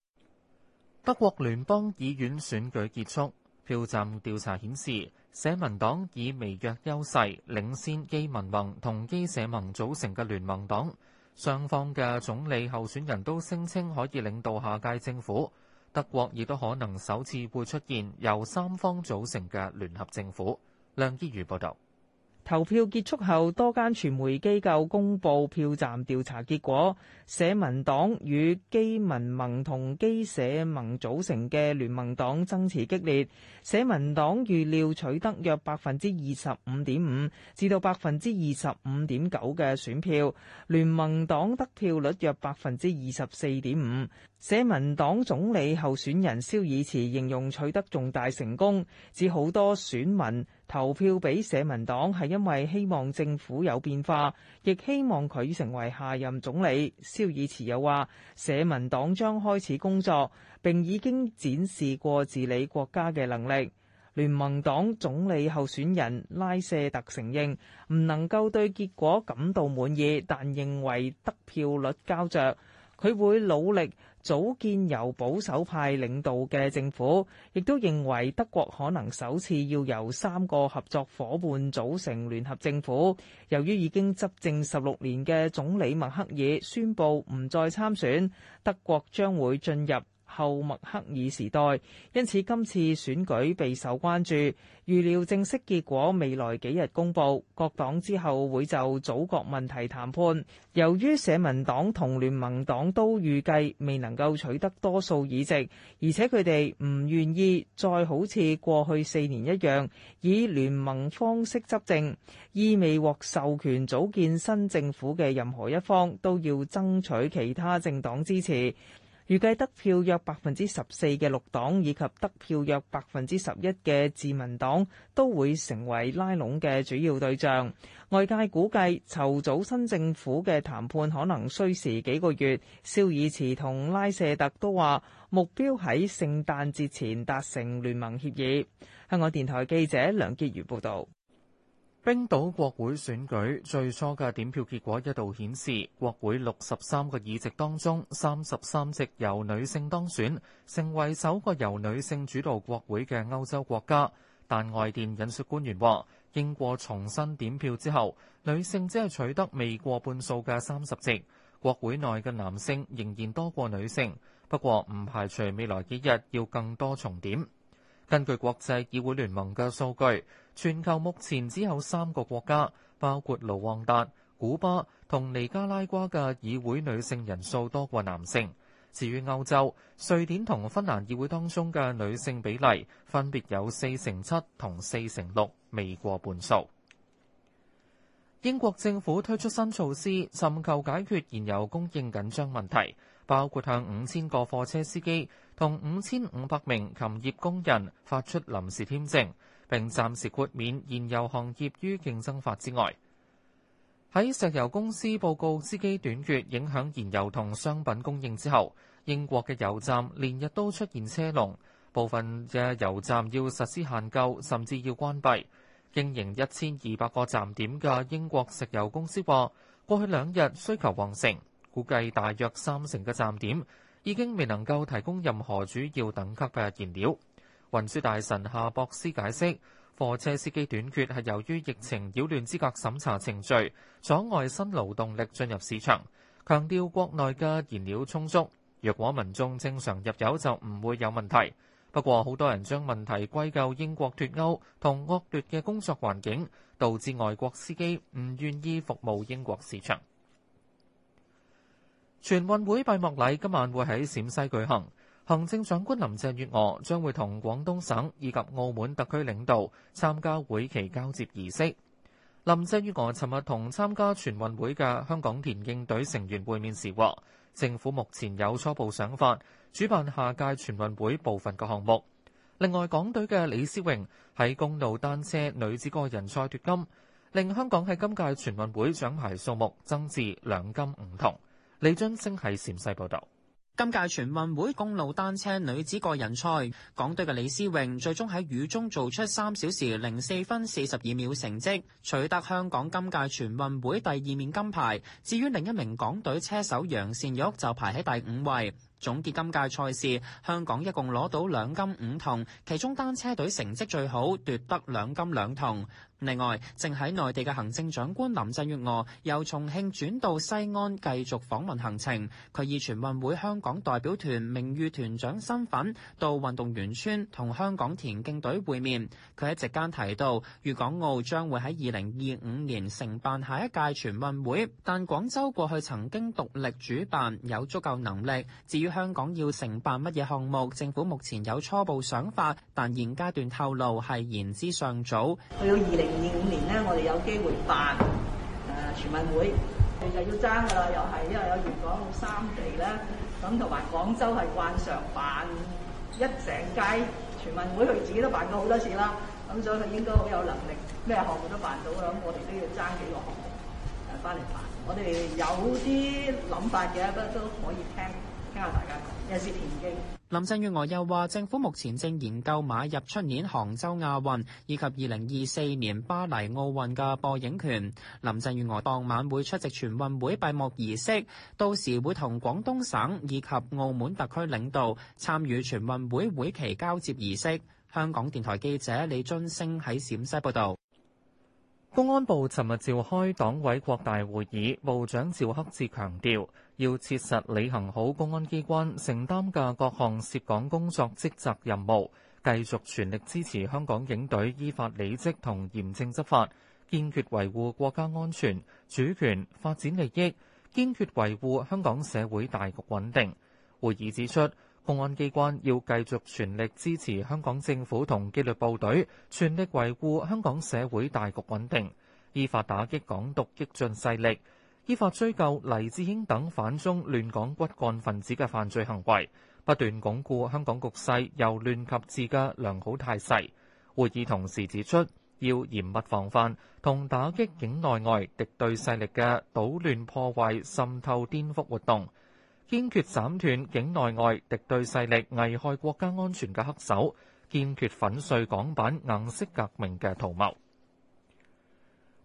德國聯邦議院選舉結束，票站調查顯示，社民黨以微弱優勢領先基民盟同基社盟組成嘅聯盟黨。雙方嘅總理候選人都聲稱可以領導下屆政府，德國亦都可能首次會出現由三方組成嘅聯合政府。梁潔如報道。投票結束後，多間傳媒機構公布票站調查結果。社民黨與基民盟同基社盟組成嘅聯盟黨爭持激烈。社民黨預料取得約百分之二十五點五至到百分之二十五點九嘅選票，聯盟黨得票率約百分之二十四點五。社民黨總理候選人蕭爾茨形容取得重大成功，指好多選民投票俾社民黨係因為希望政府有變化，亦希望佢成為下任總理。肖爾茨又話：社民黨將開始工作，並已經展示過治理國家嘅能力。聯盟黨總理候選人拉舍特承認唔能夠對結果感到滿意，但認為得票率膠着，佢會努力。組建由保守派領導嘅政府，亦都認為德國可能首次要由三個合作伙伴組成聯合政府。由於已經執政十六年嘅總理默克爾宣布唔再參選，德國將會進入後默克爾時代，因此今次選舉備受關注。預料正式結果未來幾日公布，各黨之後會就組閣問題談判。由於社民黨同聯盟黨都預計未能夠取得多數議席，而且佢哋唔願意再好似過去四年一樣以聯盟方式執政，意味獲授權組建新政府嘅任何一方都要爭取其他政黨支持。預計得票約百分之十四嘅綠黨以及得票約百分之十一嘅自民黨都會成為拉攏嘅主要對象。外界估計籌組新政府嘅談判可能需時幾個月。肖爾茨同拉舍特都話目標喺聖誕節前達成聯盟協議。香港電台記者梁潔如報導。冰島國會選舉最初嘅點票結果一度顯示，國會六十三個議席當中，三十三席由女性當選，成為首個由女性主導國會嘅歐洲國家。但外電引述官員話，經過重新點票之後，女性只係取得未過半數嘅三十席，國會內嘅男性仍然多過女性。不過唔排除未來幾日要更多重點。根據國際議會聯盟嘅數據。全球目前只有三個國家，包括盧旺達、古巴同尼加拉瓜嘅議會女性人數多過男性。至於歐洲，瑞典同芬蘭議會當中嘅女性比例分別有四成七同四成六，未過半數。英國政府推出新措施，尋求解決燃油供應緊張問題，包括向五千個貨車司機同五千五百名禽業工人發出臨時簽證。並暫時豁免燃油行業於競爭法之外。喺石油公司報告司機短缺影響燃油同商品供應之後，英國嘅油站連日都出現車龍，部分嘅油站要實施限購，甚至要關閉。經營一千二百個站點嘅英國石油公司話，過去兩日需求旺盛，估計大約三成嘅站點已經未能夠提供任何主要等級嘅燃料。運輸大臣夏博斯解釋，貨車司機短缺係由於疫情擾亂資格審查程序，阻礙新勞動力進入市場。強調國內嘅燃料充足，若果民眾正常入油就唔會有問題。不過好多人將問題歸咎英國脱歐同惡劣嘅工作環境，導致外國司機唔願意服務英國市場。全運會閉幕禮今晚會喺陝西舉行。行政長官林鄭月娥將會同廣東省以及澳門特區領導參加會期交接儀式。林鄭月娥尋日同參加全運會嘅香港田徑隊成員會面時話，政府目前有初步想法，主辦下屆全運會部分嘅項目。另外，港隊嘅李思榮喺公路單車女子個人賽奪金，令香港喺今屆全運會獎牌數目增至兩金五銅。李津升喺陝西報道。今屆全運會公路單車女子個人賽，港隊嘅李思穎最終喺雨中做出三小時零四分四十二秒成績，取得香港今屆全運會第二面金牌。至於另一名港隊車手楊善玉就排喺第五位。總結今屆賽事，香港一共攞到兩金五銅，其中單車隊成績最好，奪得兩金兩銅。另外，正喺內地嘅行政長官林鄭月娥由重慶轉到西安繼續訪問行程。佢以全運會香港代表團名譽團長身份到運動員村同香港田徑隊會面。佢喺席間提到，粵港澳將會喺二零二五年承辦下一屆全運會，但廣州過去曾經獨立主辦，有足夠能力。至於香港要承辦乜嘢項目？政府目前有初步想法，但現階段透露係言之尚早。去到二零二五年咧，我哋有機會辦誒全運會，就要爭噶啦，又係因為有粵港澳三地咧，咁同埋廣州係慣常辦一整屆全運會，佢自己都辦過好多次啦。咁所以佢應該好有能力咩項目都辦到啦。咁我哋都要爭幾個項目誒翻嚟辦。我哋有啲諗法嘅，不過都可以聽。林鄭月娥又話：政府目前正研究買入出年杭州亞運以及二零二四年巴黎奧運嘅播映權。林鄭月娥傍晚會出席全運會閉幕儀式，到時會同廣東省以及澳門特區領導參與全運會會期交接儀式。香港電台記者李津星喺陝西報道。公安部尋日召開黨委擴大會議，部長趙克志強調。要切實履行好公安機關承擔嘅各項涉港工作職責任務，繼續全力支持香港警隊依法履職同嚴正執法，堅決維護國家安全、主權、發展利益，堅決維護香港社會大局穩定。會議指出，公安機關要繼續全力支持香港政府同紀律部隊，全力維護香港社會大局穩定，依法打擊港獨激進勢力。依法追究黎智英等反中亂港骨幹分子嘅犯罪行為，不斷鞏固香港局勢由亂及治嘅良好態勢。會議同時指出，要嚴密防範同打擊境內外敵對勢力嘅搗亂破壞、滲透顛覆活動，堅決斬斷境內外敵對勢力危害國家安全嘅黑手，堅決粉碎港版顏色革命嘅圖謀。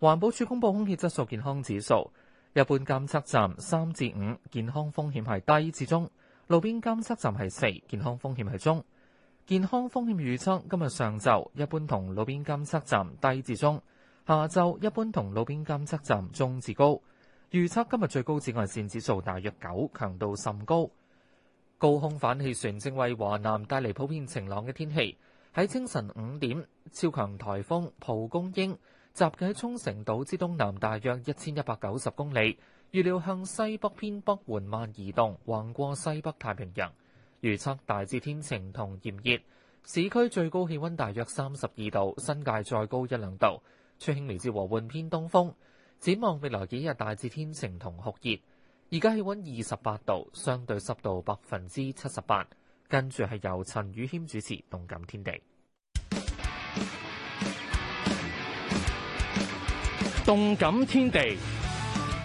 環保署公布空氣質素健康指數。一般監測站三至五，健康風險係低至中；路邊監測站係四，健康風險係中。健康風險預測今日上晝一般同路邊監測站低至中，下晝一般同路邊監測站中至高。預測今日最高紫外線指數大約九，強度甚高。高空反氣旋正為華南帶嚟普遍晴朗嘅天氣。喺清晨五點，超強颱風蒲公英。集結喺沖繩島之東南，大約一千一百九十公里。預料向西北偏北緩慢移動，橫過西北太平洋。預測大致天晴同炎熱，市區最高氣溫大約三十二度，新界再高一兩度。吹輕微至和緩偏東風。展望未來幾日，大致天晴同酷熱。而家氣溫二十八度，相對濕度百分之七十八。跟住係由陳宇謙主持《動感天地》。動感天地，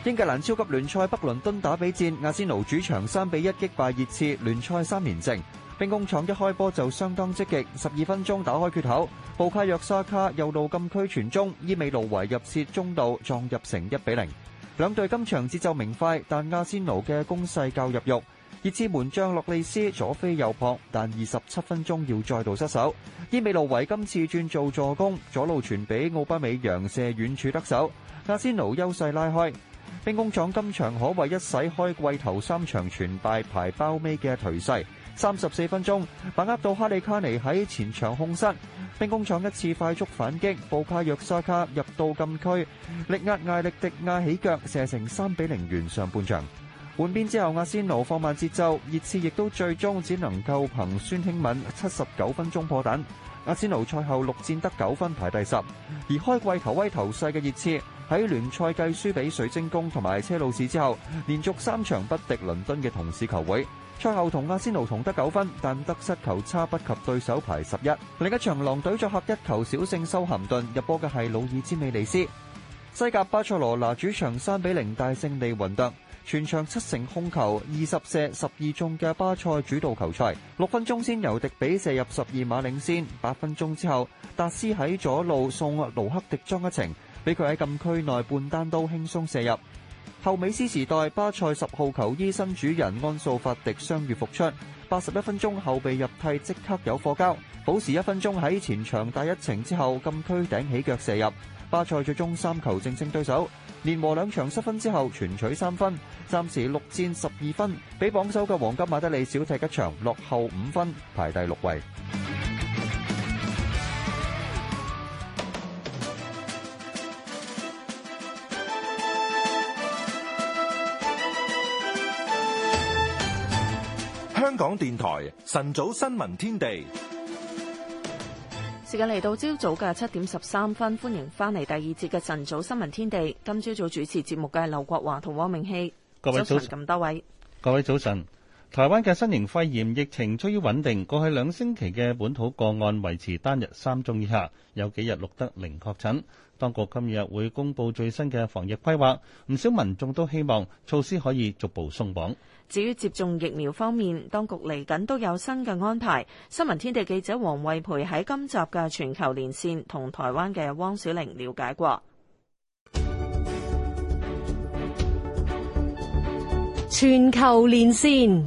英格蘭超級聯賽北倫敦打比戰，阿仙奴主場三比一擊敗熱刺，聯賽三連勝。兵工廠一開波就相當積極，十二分鐘打開缺口，布卡約沙卡右路禁區傳中，伊美路維入切中路撞入成一比零。兩隊今場節奏明快，但阿仙奴嘅攻勢較入肉。熱刺門將洛利斯左飛右撲，但二十七分鐘要再度失手。伊美路維今次轉做助攻，左路傳俾奧巴美揚射遠處得手，阿仙奴優勢拉開。兵工廠今場可謂一洗開季頭三場全敗排包尾嘅頹勢。三十四分鐘，把握到哈利卡尼喺前場控失，兵工廠一次快速反擊，布卡約沙卡入到禁區，力壓艾力迪亞起腳射成三比零完上半場。換邊之後，阿仙奴放慢節奏，熱刺亦都最終只能夠憑孫興敏七十九分鐘破蛋。阿仙奴賽後六戰得九分，排第十。而開季頭威頭勢嘅熱刺喺聯賽計輸俾水晶宮同埋車路士之後，連續三場不敵倫敦嘅同事球會。賽後同阿仙奴同得九分，但得失球差不及對手排十一。另一場狼隊作客一球小勝修咸頓，入波嘅係魯爾詹美尼斯。西甲巴塞羅那主場三比零大勝利雲特。全場七成控球，二十射十二中嘅巴塞主導球賽。六分鐘先由迪比射入十二碼領先，八分鐘之後達斯喺左路送盧克迪裝一程，俾佢喺禁區內半單刀輕鬆射入。後美斯時代巴塞十號球衣新主人安素法迪傷愈復出，八十一分鐘後備入替即刻有貨交，保持一分鐘喺前場帶一程之後禁區頂起腳射入，巴塞最終三球淨勝對手。連和兩場失分之後，全取三分，暫時六戰十二分，比榜首嘅黃金馬德里少踢一場，落後五分，排第六位。香港電台晨早新聞天地。時間嚟到朝早嘅七點十三分，歡迎翻嚟第二節嘅晨早新聞天地。今朝早主持節目嘅係劉國華同汪明希。各位早晨咁多位，各位早晨。台灣嘅新型肺炎疫情趨於穩定，過去兩星期嘅本土個案維持單日三宗以下，有幾日錄得零確診。當局今日會公布最新嘅防疫規劃，唔少民眾都希望措施可以逐步鬆綁。至於接種疫苗方面，當局嚟緊都有新嘅安排。新聞天地記者黃慧培喺今集嘅全球連線同台灣嘅汪小玲了解過。全球連線，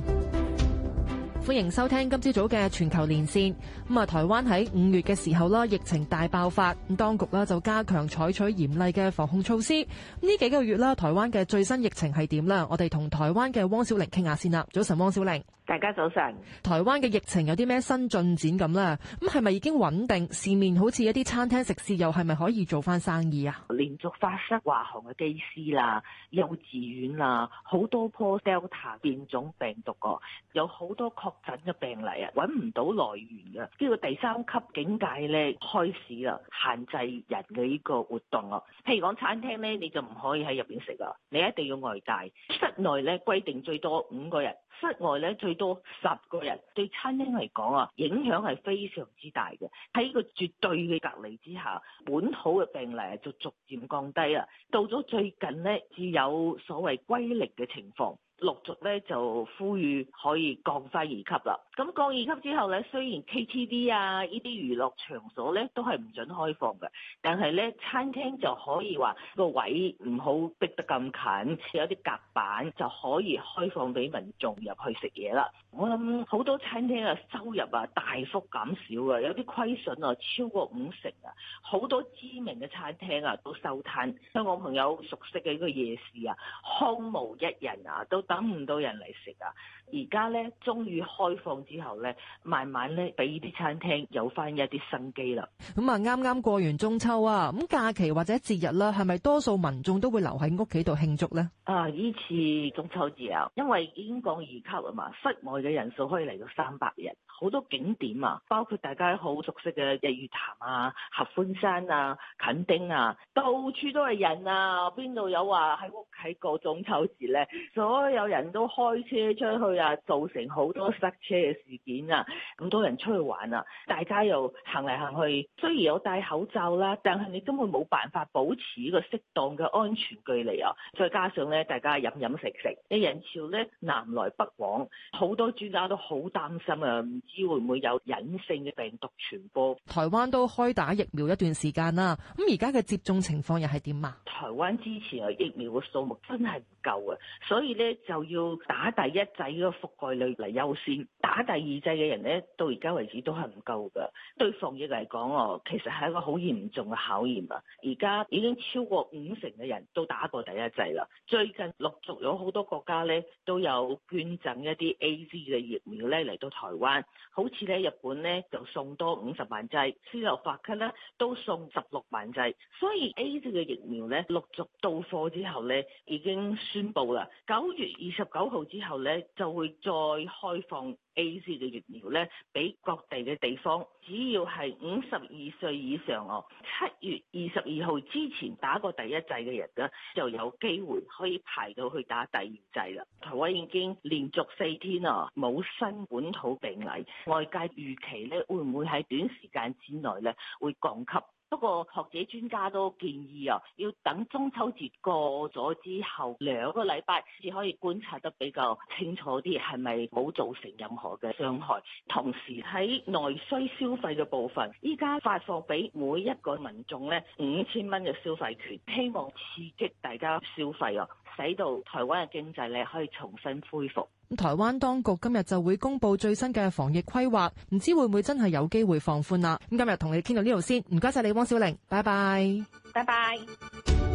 歡迎收聽今朝早嘅全球連線。咁啊，台灣喺五月嘅時候啦，疫情大爆發，咁當局啦就加強採取嚴厲嘅防控措施。咁呢幾個月啦，台灣嘅最新疫情係點咧？我哋同台灣嘅汪小玲傾下先啦。早晨，汪小玲。大家早晨。台灣嘅疫情有啲咩新進展咁咧？咁係咪已經穩定？市面好似一啲餐廳食肆又係咪可以做翻生意啊？連續發生華航嘅機師啦、幼稚園啦，好多破 Delta 變種病毒㗎，有好多確診嘅病例啊，揾唔到來源㗎。經、這個第三級警戒咧，開始啦，限制人嘅呢個活動啦。譬如講餐廳咧，你就唔可以喺入面食啦，你一定要外帶。室內咧規定最多五個人，室外咧最多十個人。對餐廳嚟講啊，影響係非常之大嘅。喺呢個絕對嘅隔離之下，本土嘅病例就逐漸降低啦。到咗最近呢至有所謂歸零嘅情況，陸續咧就呼籲可以降返二級啦。咁降二級之後咧，雖然 KTV 啊呢啲娛樂場所咧都係唔準開放嘅，但係咧餐廳就可以話個位唔好逼得咁近，有啲隔板就可以開放俾民眾入去食嘢啦。我諗好多餐廳啊收入啊大幅減少啊，有啲虧損啊超過五成啊，好多知名嘅餐廳啊都收攤。香港朋友熟悉嘅呢個夜市啊，空無一人啊，都等唔到人嚟食啊。而家咧終於開放。之後咧，慢慢咧，俾呢啲餐廳有翻一啲生機啦。咁、嗯、啊，啱啱過完中秋啊，咁、嗯、假期或者節日啦，係咪多數民眾都會留喺屋企度慶祝咧？啊，呢次中秋節啊，因為已經降二級啊嘛，室外嘅人數可以嚟到三百人。好多景點啊，包括大家好熟悉嘅日月潭啊、合歡山啊、墾丁啊，到處都係人啊，邊度有話、啊、喺屋企各種秋節呢？所有人都開車出去啊，造成好多塞車嘅事件啊，咁多人出去玩啊，大家又行嚟行去，雖然有戴口罩啦，但係你根本冇辦法保持呢個適當嘅安全距離啊！再加上咧，大家飲飲食食，一人潮咧南來北往，好多專家都好擔心啊！知會唔會有隱性嘅病毒傳播？台灣都開打疫苗一段時間啦，咁而家嘅接種情況又係點啊？台灣之前嘅疫苗嘅數目真係唔夠啊，所以咧就要打第一劑嘅覆蓋率嚟優先，打第二劑嘅人咧到而家為止都係唔夠㗎。對防疫嚟講，哦，其實係一個好嚴重嘅考驗啊！而家已經超過五成嘅人都打過第一劑啦。最近陸續有好多國家咧都有捐贈一啲 AZ 嘅疫苗咧嚟到台灣。好似咧，日本咧就送多五十萬劑。斯洛伐克咧都送十六萬劑。所以 AZ 嘅疫苗咧，陸續到貨之後咧，已經宣布啦，九月二十九號之後咧就會再開放。AZ 嘅疫苗咧，俾各地嘅地方，只要係五十二歲以上哦、啊，七月二十二號之前打過第一劑嘅人咧、啊，就有機會可以排到去打第二劑啦。台灣已經連續四天啊，冇新本土病例，外界預期咧，會唔會喺短時間之內咧，會降級？不過，學者專家都建議啊，要等中秋節過咗之後兩個禮拜，至可以觀察得比較清楚啲，係咪冇造成任何嘅傷害。同時喺內需消費嘅部分，依家發放俾每一個民眾呢五千蚊嘅消費券，希望刺激大家消費啊，使到台灣嘅經濟咧可以重新恢復。台灣當局今日就會公布最新嘅防疫規劃，唔知會唔會真係有機會放寬啦？咁今日同你傾到呢度先，唔該晒你，汪小玲，拜拜，拜拜。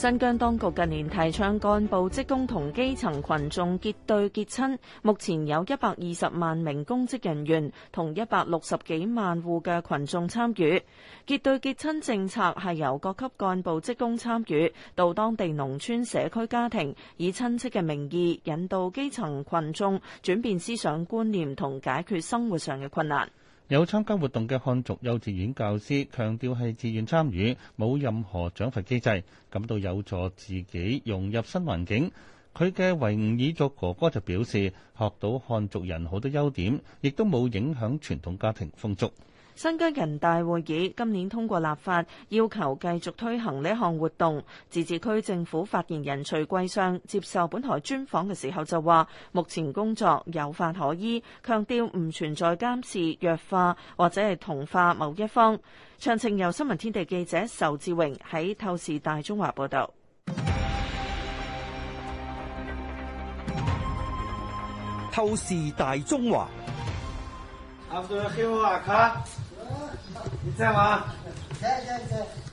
新疆當局近年提倡幹部職工同基層群眾結對結親，目前有一百二十萬名公職人員同一百六十幾萬戶嘅群眾參與結對結親政策，係由各級幹部職工參與到當地農村社區家庭，以親戚嘅名義引導基層群眾轉變思想觀念同解決生活上嘅困難。有參加活動嘅漢族幼稚園教師強調係自願參與，冇任何獎罰機制，感到有助自己融入新環境。佢嘅維吾爾族哥哥就表示，學到漢族人好多優點，亦都冇影響傳統家庭風俗。新疆人大會議今年通過立法，要求繼續推行呢項活動。自治區政府發言人徐桂湘接受本台專訪嘅時候就話：目前工作有法可依，強調唔存在監視、弱化或者係同化某一方。詳情由新聞天地記者仇志榮喺《透視大中華》報道。透視大中華。你在嗎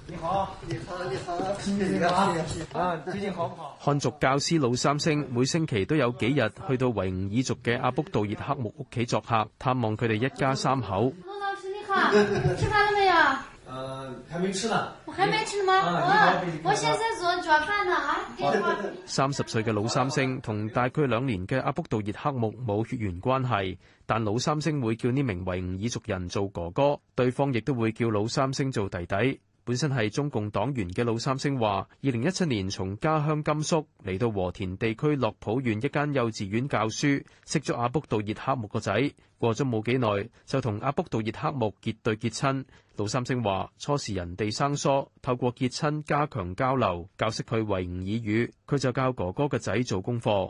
你好，你好，你好。主持人好。漢族教師老三星每星期都有幾日去到維吾爾族嘅阿卜杜熱克木屋企作客，探望佢哋一家三口。老師，你好吃飯了沒有？呃還沒吃呢。我還沒吃嗎？我我現在,在做煮飯呢啊！三十歲嘅老三星同大佢兩年嘅阿卜杜熱克木冇血緣關係，但老三星會叫呢名維吾爾族人做哥哥，對方亦都會叫老三星做弟弟。本身係中共黨員嘅老三星話，二零一七年從家鄉甘肅嚟到和田地區洛普縣一間幼稚園教書，識咗阿卜杜熱克木個仔。過咗冇幾耐，就同阿卜杜熱克木結對結親。老三星話，初時人哋生疏，透過結親加強交流，教識佢維吾爾語，佢就教哥哥個仔做功課。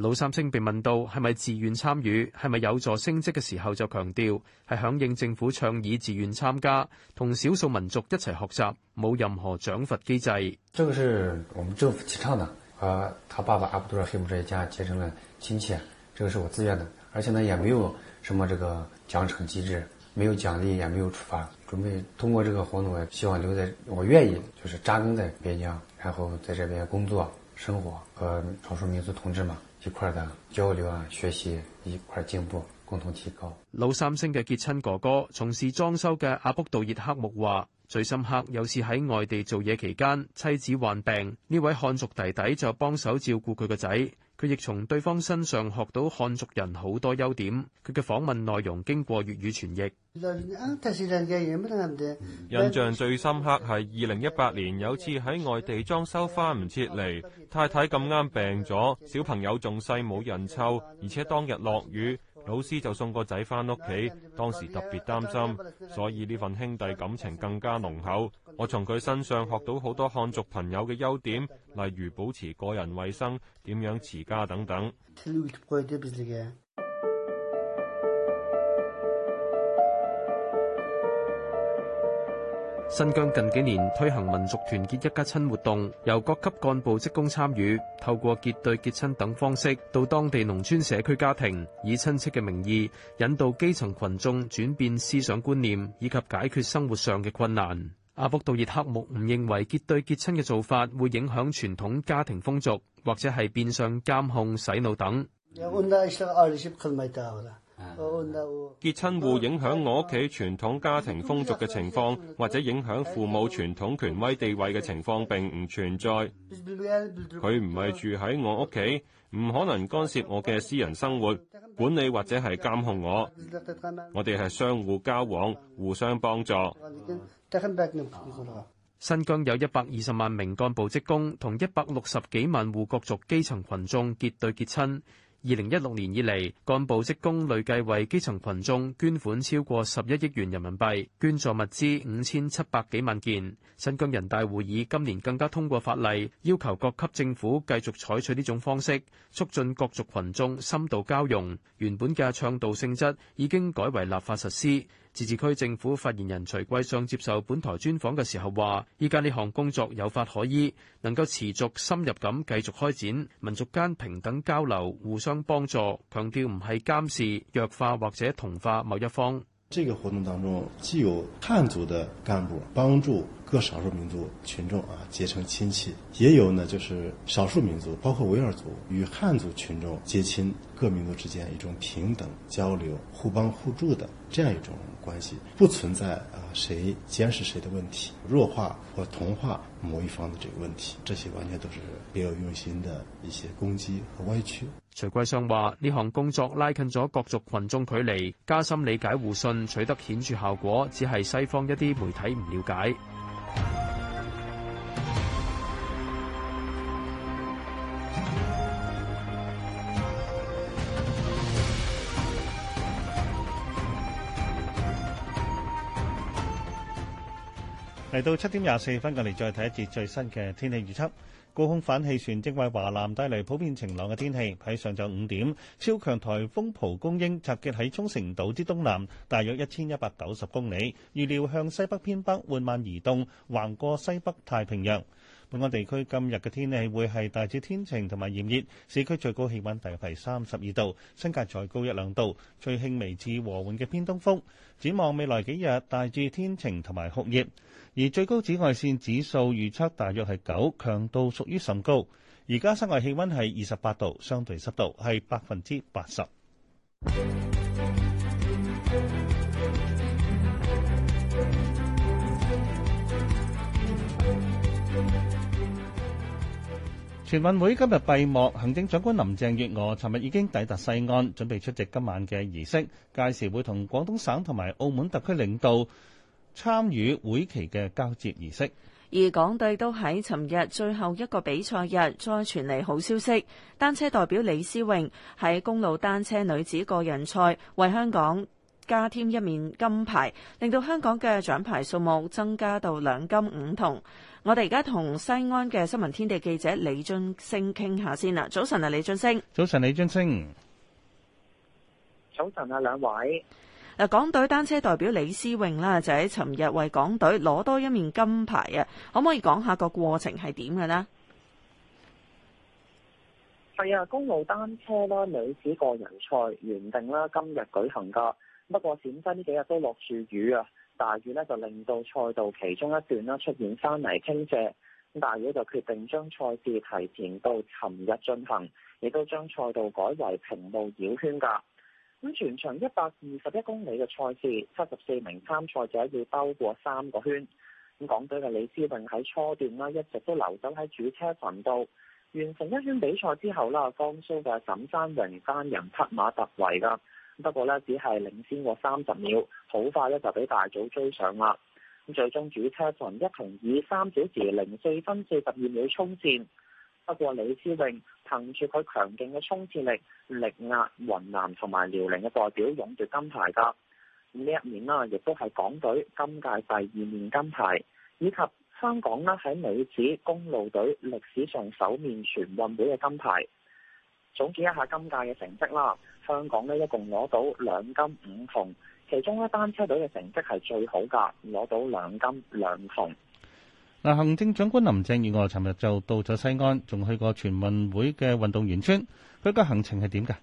老三星被問到係咪自願參與，係咪有助升職嘅時候就強調係響應政府倡議自願參加同少數民族一齊學習，冇任何獎罰機制。這個是我們政府提倡的，和他爸爸阿布杜爾黑姆這一家結成了親戚。這個是我自願的，而且呢，也沒有什麼這個獎懲機制，沒有獎勵，也沒有處罰。準備通過這個活動，我希望留在我願意，就是扎根在邊疆，然後在這邊工作、生活和少數民族同志嘛。一塊的交流啊，學習一塊進步，共同提高。老三星嘅結親哥哥，從事裝修嘅阿卜杜熱克木話，最深刻有次喺外地做嘢期間，妻子患病，呢位漢族弟弟就幫手照顧佢個仔。佢亦從對方身上學到漢族人好多優點。佢嘅訪問內容經過粵語傳譯。印象最深刻係二零一八年，有次喺外地裝修翻唔切嚟，太太咁啱病咗，小朋友仲細冇人湊，而且當日落雨。老師就送個仔返屋企，當時特別擔心，所以呢份兄弟感情更加濃厚。我從佢身上學到好多漢族朋友嘅優點，例如保持個人衛生、點樣持家等等。新疆近幾年推行民族團結一家親活動，由各級幹部職工參與，透過結對結親等方式，到當地農村社區家庭，以親戚嘅名義，引導基層羣眾轉變思想觀念以及解決生活上嘅困難。阿卜杜熱克木唔認為結對結親嘅做法會影響傳統家庭風俗，或者係變相監控洗腦等。結親戶影響我屋企傳統家庭風俗嘅情況，或者影響父母傳統權威地位嘅情況，並唔存在。佢唔係住喺我屋企，唔可能干涉我嘅私人生活，管理或者係監控我。我哋係相互交往，互相幫助。新疆有一百二十萬名幹部職工，同一百六十幾萬戶各族基層羣眾結對結親。二零一六年以嚟，幹部職工累計為基層群眾捐款超過十一億元人民幣，捐助物資五千七百幾萬件。新疆人大會議今年更加通過法例，要求各級政府繼續採取呢種方式，促進各族群眾深度交融。原本嘅倡導性質已經改為立法實施。自治區政府發言人徐桂尚接受本台專訪嘅時候話，依家呢項工作有法可依，能夠持續深入咁繼續開展民族間平等交流、互相幫助。強調唔係監視弱化或者同化某一方。這個活動當中，既有漢族的幹部幫助各少數民族群眾啊結成親戚，也有呢就是少數民族，包括維吾爾族與漢族群眾結親，各民族之間一種平等交流、互幫互助的這樣一種，關係不存在啊，誰監視誰的問題，弱化或同化某一方的這個問題，這些完全都是別有用心的一些攻擊和歪曲。徐桂湘話：呢項工作拉近咗各族群眾距離，加深理解互信，取得顯著效果，只係西方一啲媒體唔了解。嚟到七點廿四分，我哋再睇一節最新嘅天氣預測。高空反氣旋正為華南帶嚟普遍晴朗嘅天氣。喺上晝五點，超強颱風蒲公英集結喺沖繩島之東南，大約一千一百九十公里。預料向西北偏北緩慢移動，橫過西北太平洋。本港地區今日嘅天氣會係大致天晴同埋炎熱，市區最高氣溫大概係三十二度，新界再高一兩度，吹輕微至和緩嘅偏東風。展望未來幾日，大致天晴同埋酷熱。而最高紫外線指數預測大約係九，強度屬於甚高。而家室外氣溫係二十八度，相對濕度係百分之八十。全運會今日閉幕，行政長官林鄭月娥尋日已經抵達西安，準備出席今晚嘅儀式。屆時會同廣東省同埋澳門特區領導。參與會期嘅交接儀式，而港隊都喺尋日最後一個比賽日再傳嚟好消息，單車代表李思穎喺公路單車女子個人賽為香港加添一面金牌，令到香港嘅獎牌數目增加到兩金五銅。我哋而家同西安嘅新聞天地記者李俊升傾下先啦。早晨啊，李俊升。早晨，李俊升。早晨啊，兩位。港隊單車代表李思穎啦，就喺尋日為港隊攞多一面金牌啊！可唔可以講下個過程係點嘅呢？係啊，公路單車啦，女子個人賽原定啦今日舉行噶，不過陝西呢幾日都落住雨啊，大雨呢就令到賽道其中一段啦出現山泥傾瀉，咁大雨就決定將賽事提前到尋日進行，亦都將賽道改為平路繞圈噶。咁全場一百二十一公里嘅賽事，七十四名參賽者要兜過三個圈。咁港隊嘅李思穎喺初段啦，一直都留守喺主車羣度，完成一圈比賽之後啦，江蘇嘅沈山榮單人匹馬突圍啦。不過呢，只係領先過三十秒，好快呢就俾大組追上啦。咁最終主車羣一同以三小時零四分四十二秒衝線。不過李思穎憑住佢強勁嘅衝刺力，力壓雲南同埋遼寧嘅代表，勇奪金牌㗎。呢一面啦，亦都係港隊今屆第二面金牌，以及香港呢，喺女子公路隊歷史上首面全運會嘅金牌。總結一下今屆嘅成績啦，香港呢一共攞嗱，行政長官林鄭月娥尋日就到咗西安，仲去過全運會嘅運動員村。佢個行程係點噶？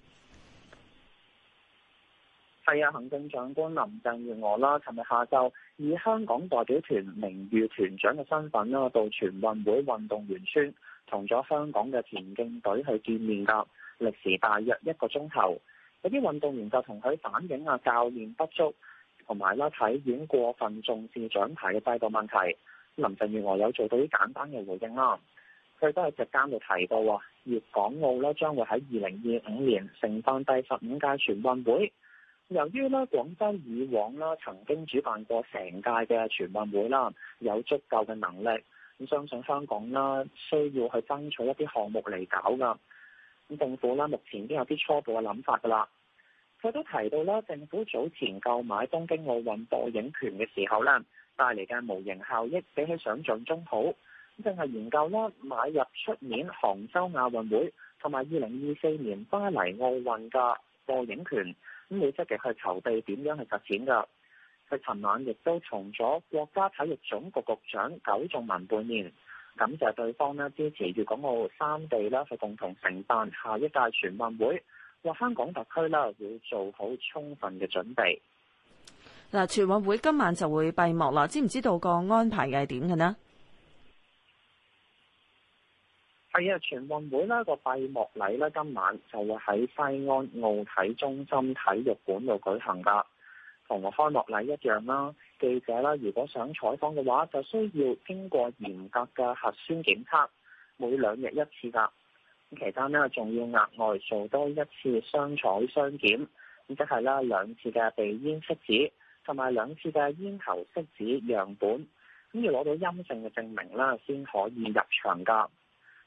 係啊，行政長官林鄭月娥啦，尋日下晝以香港代表團名譽團長嘅身份啦，到全運會運動員村同咗香港嘅田徑隊去見面噶，歷時大約一個鐘頭。有啲運動員就同佢反映啊，教練不足，同埋啦，體院過分重視獎牌嘅制度問題。林鄭月娥有做到啲簡單嘅回應啦，佢都係席間就提到，啊，粵港澳咧將會喺二零二五年承辦第十五屆全運會。由於呢廣州以往啦曾經主辦過成屆嘅全運會啦，有足夠嘅能力，咁相信香港啦需要去爭取一啲項目嚟搞噶。咁政府咧目前已經有啲初步嘅諗法噶啦。佢都提到啦，政府早前購買東京奧運播影權嘅時候咧。帶嚟嘅無形效益比起想像中好，咁正係研究啦，買入出年杭州亞運會同埋二零二四年巴黎奧運嘅播影權，咁會積極去籌備點樣去實踐㗎。佢尋晚亦都從咗國家體育總局局，局長苟仲文面，感謝對方咧支持粵港澳三地啦，去共同承辦下一屆全運會，話翻香港特區啦，要做好充分嘅準備。嗱，全運會今晚就會閉幕啦，知唔知道個安排係點嘅呢？係啊，全運會呢個閉幕禮呢，今晚就會喺西安奧體中心體育館度舉行噶，同我開幕禮一樣啦。記者啦，如果想採訪嘅話，就需要經過嚴格嘅核酸檢測，每兩日一次噶。其期間仲要額外做多一次雙採雙檢，咁即係咧兩次嘅鼻咽拭子。同埋兩次嘅咽喉拭子樣本，咁要攞到陰性嘅證明啦，先可以入場噶。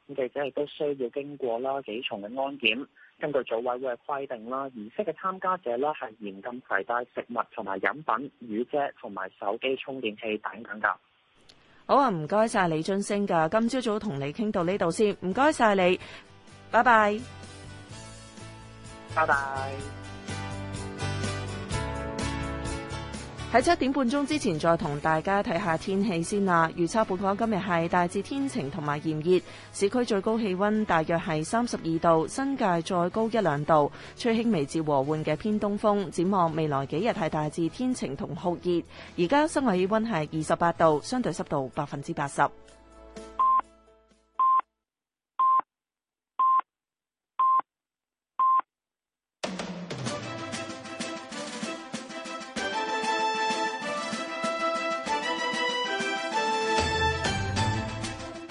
咁記者亦都需要經過啦幾重嘅安檢。根據組委會嘅規定啦，儀式嘅參加者啦係嚴禁攜帶食物同埋飲品、雨遮同埋手機充電器等等㗎。好啊，唔該晒，李俊升噶，今朝早同你傾到呢度先，唔該晒，你，拜拜，拜拜。喺七點半鐘之前再同大家睇下天氣先啦。預測本港今日係大致天晴同埋炎熱，市區最高氣温大約係三十二度，新界再高一兩度，吹輕微至和緩嘅偏東風。展望未來幾日係大致天晴同酷熱，而家室外氣温係二十八度，相對濕度百分之八十。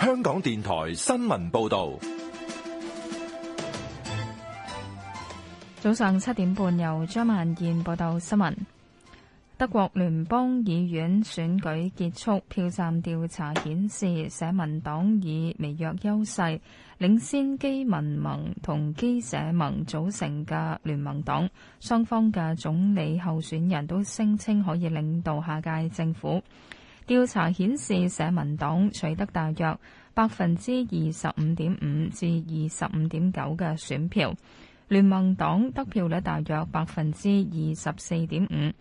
香港電台新聞報道，早上七點半由張曼燕報道新聞。德國聯邦議院選舉結束，票站調查顯示社民黨以微弱優勢領先基民盟同基社盟組成嘅聯盟黨。雙方嘅總理候選人都聲稱可以領導下屆政府。調查顯示社民黨取得大約百分之二十五點五至二十五點九嘅選票，聯盟黨得票率大約百分之二十四點五。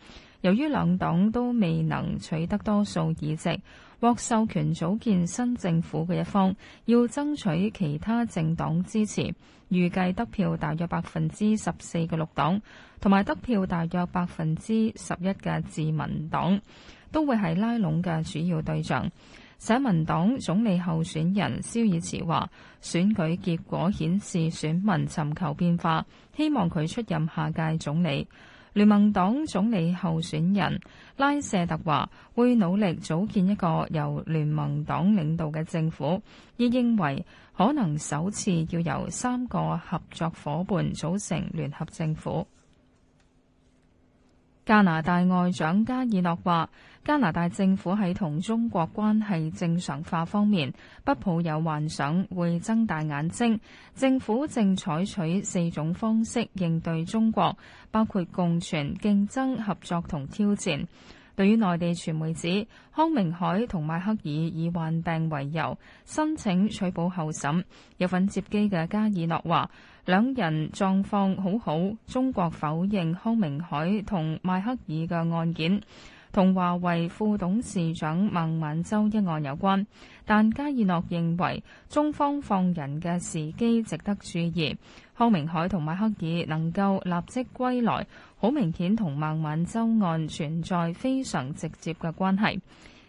由於兩黨都未能取得多數議席，獲授權組建新政府嘅一方要爭取其他政黨支持，預計得票大約百分之十四嘅綠黨同埋得票大約百分之十一嘅自民黨都會係拉攏嘅主要對象。社民黨總理候選人蕭爾茨話：選舉結果顯示選民尋求變化，希望佢出任下屆總理。聯盟黨總理候選人拉舍特話：會努力組建一個由聯盟黨領導嘅政府，亦認為可能首次要由三個合作伙伴組成聯合政府。加拿大外長加爾諾話：加拿大政府喺同中國關係正常化方面，不抱有幻想，會睜大眼睛。政府正採取四種方式應對中國，包括共存、競爭、合作同挑戰。對於內地傳媒指康明凱同邁克爾以患病為由申請取保候審，有份接機嘅加爾諾話：兩人狀況好好。中國否認康明凱同邁克爾嘅案件，同華為副董事長孟晚舟一案有關。但加爾諾認為中方放人嘅時機值得注意。康明凱同邁克爾能夠立即歸來，好明顯同孟晚舟案存在非常直接嘅關係。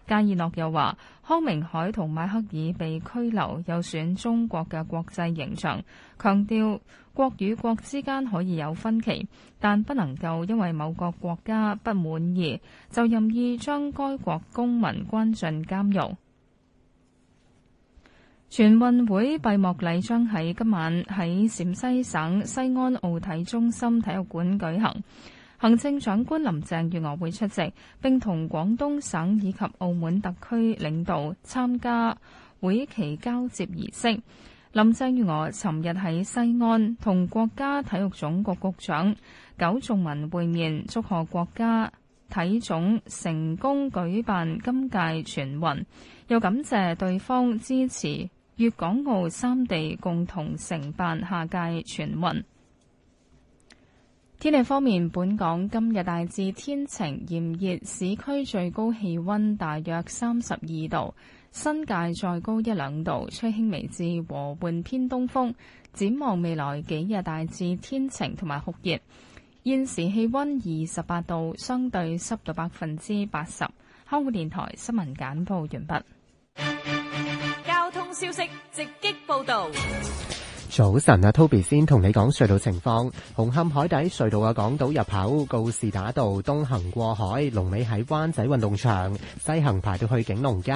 加爾諾又話：康明凱同邁克爾被拘留，有損中國嘅國際形象。強調國與國之間可以有分歧，但不能夠因為某個國家不滿意，就任意將該國公民關進監獄。全運會閉幕禮將喺今晚喺陝西省西安奧體中心體育館舉行。行政長官林鄭月娥會出席，並同廣東省以及澳門特區領導參加會期交接儀式。林鄭月娥尋日喺西安同國家體育總局局長苟仲文會面，祝賀國家體總成功舉辦今屆全運，又感謝對方支持。粵港澳三地共同承辦下屆全運。天氣方面，本港今日大致天晴炎熱，市區最高氣溫大約三十二度，新界再高一兩度，吹輕微至和緩偏東風。展望未來幾日大致天晴同埋酷熱，現時氣溫二十八度，相對濕度百分之八十。香港電台新聞簡報完畢。消息直擊報道。早晨啊，Toby 先同你講隧道情況。紅磡海底隧道嘅港島入口告士打道東行過海，龍尾喺灣仔運動場；西行排到去景隆街，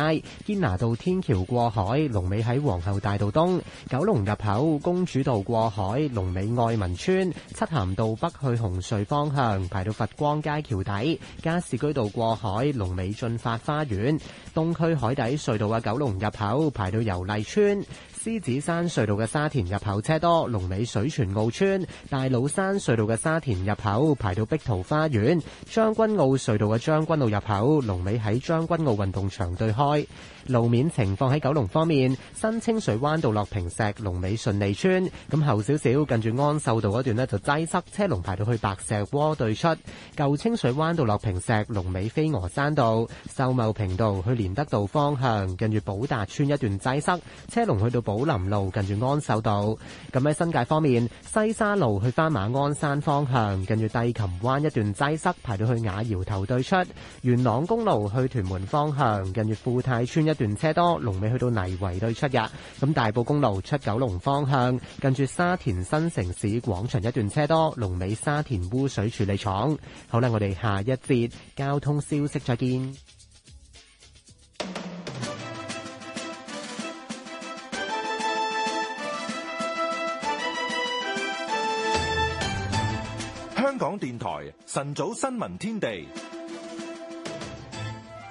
堅拿道天橋過海，龍尾喺皇后大道東；九龍入口公主道過海，龍尾愛民邨；漆咸道北去紅隧方向，排到佛光街橋底；加士居道過海，龍尾駿發花園；東區海底隧道嘅九龍入口，排到油麗邨。獅子山隧道嘅沙田入口車多，龍尾水泉澳村；大老山隧道嘅沙田入口排到碧桃花園，將軍澳隧道嘅將軍澳入口龍尾喺將軍澳運動場對開。路面情況喺九龍方面，新清水灣道落坪石龍尾順利村，咁後少少近住安秀道嗰段就擠塞，車龍排到去白石窩對出；舊清水灣道落坪石龍尾飛鵝山道、秀茂坪道去連德道方向，近住寶達村一段擠塞，車龍去到寶寶林路近住安秀道，咁喺新界方面，西沙路去返馬鞍山方向，近住帝琴灣一段擠塞，排到去瓦窯頭對出；元朗公路去屯門方向，近住富泰村一段車多，龍尾去到泥圍對出呀。咁大埔公路出九龍方向，近住沙田新城市廣場一段車多，龍尾沙田污水處理廠。好啦，我哋下一節交通消息再見。香港電台晨早新聞天地，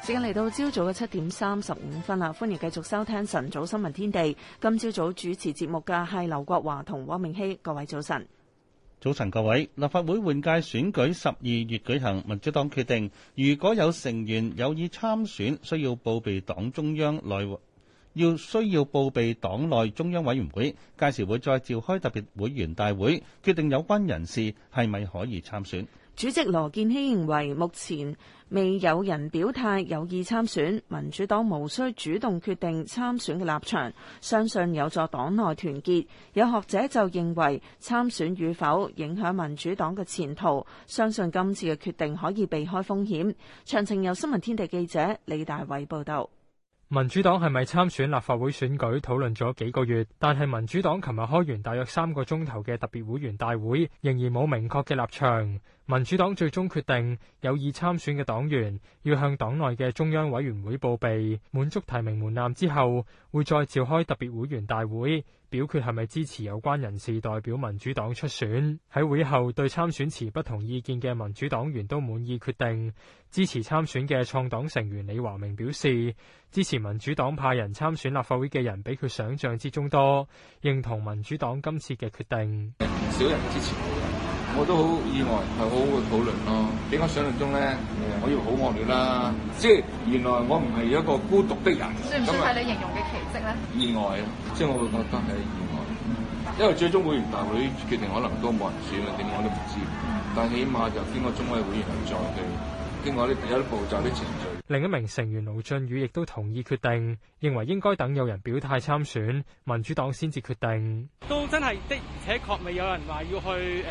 時間嚟到朝早嘅七點三十五分啦。歡迎繼續收聽晨早新聞天地。今朝早主持節目嘅係劉國華同汪明熙，各位早晨，早晨各位。立法會換屆選舉十二月舉行，民主黨決定，如果有成員有意參選，需要報備黨中央內，要需要報備黨內中央委員會，屆時會再召開特別會員大會，決定有關人士係咪可以參選。主席羅健熙認為目前未有人表態有意參選，民主黨無需主動決定參選嘅立場，相信有助黨內團結，有學者就認為參選與否影響民主黨嘅前途，相信今次嘅決定可以避開風險，詳情由新聞天地記者李大偉報道。民主黨係咪參選立法會選舉討論咗幾個月，但係民主黨琴日開完大約三個鐘頭嘅特別會員大會，仍然冇明確嘅立場。民主黨最終決定有意參選嘅黨員要向黨內嘅中央委員會報備，滿足提名門檻之後，會再召開特別會員大會，表決係咪支持有關人士代表民主黨出選。喺會後對參選持不同意見嘅民主黨員都滿意決定。支持參選嘅創黨成員李華明表示，支持民主黨派人參選立法會嘅人比佢想象之中多，認同民主黨今次嘅決定。唔少人支持我，我都好意外，係好好嘅討論咯。比我想象中咧，我要好惡劣啦，即係原來我唔係一個孤獨的人。算唔算係你形容嘅奇蹟咧？意外啊，即係我會覺得係意外，因為最終會員大會決定可能都冇人選啦，點我都唔知。但起碼就經過中委會員再去。經過啲有啲步驟的程序。另一名成員盧俊宇亦都同意決定，認為應該等有人表態參選民主黨先至決定。到真係的而且確未有人話要去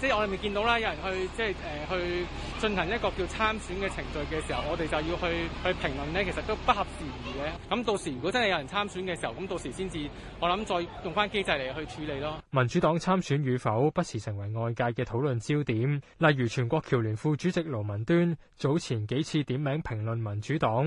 誒，即係我哋未見到啦，有人去即係誒去進行一個叫參選嘅程序嘅時候，我哋就要去去評論咧，其實都不合時宜嘅。咁到時如果真係有人參選嘅時候，咁到時先至我諗再用翻機制嚟去處理咯。民主黨參選與否不時成為外界嘅討論焦點，例如全國僑聯副主席盧文端早前幾次點名評論民主黨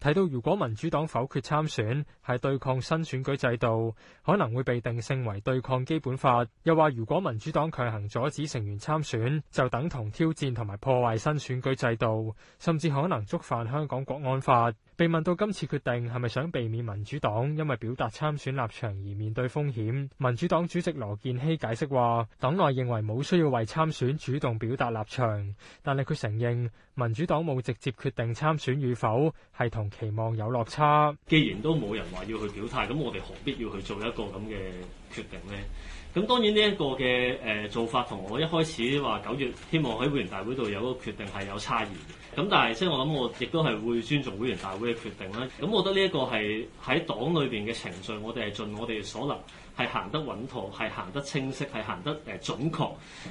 睇到，如果民主黨否決參選，係對抗新選舉制度，可能會被定性為對抗基本法。又話，如果民主黨強行阻止成員參選，就等同挑戰同埋破壞新選舉制度，甚至可能觸犯香港國安法。被問到今次決定係咪想避免民主黨因為表達參選立場而面對風險，民主黨主席羅健熙解釋話：黨內認為冇需要為參選主動表達立場，但係佢承認民主黨冇直接決定參選與否，係同期望有落差。既然都冇人話要去表態，咁我哋何必要去做一個咁嘅決定呢？咁當然呢一個嘅誒做法同我一開始話九月希望喺會員大會度有個決定係有差異。咁但係，即係我諗，我亦都係會尊重會員大會嘅決定啦。咁我覺得呢一個係喺黨裏面嘅程序，我哋係盡我哋所能，係行得穩妥，係行得清晰，係行得誒準確，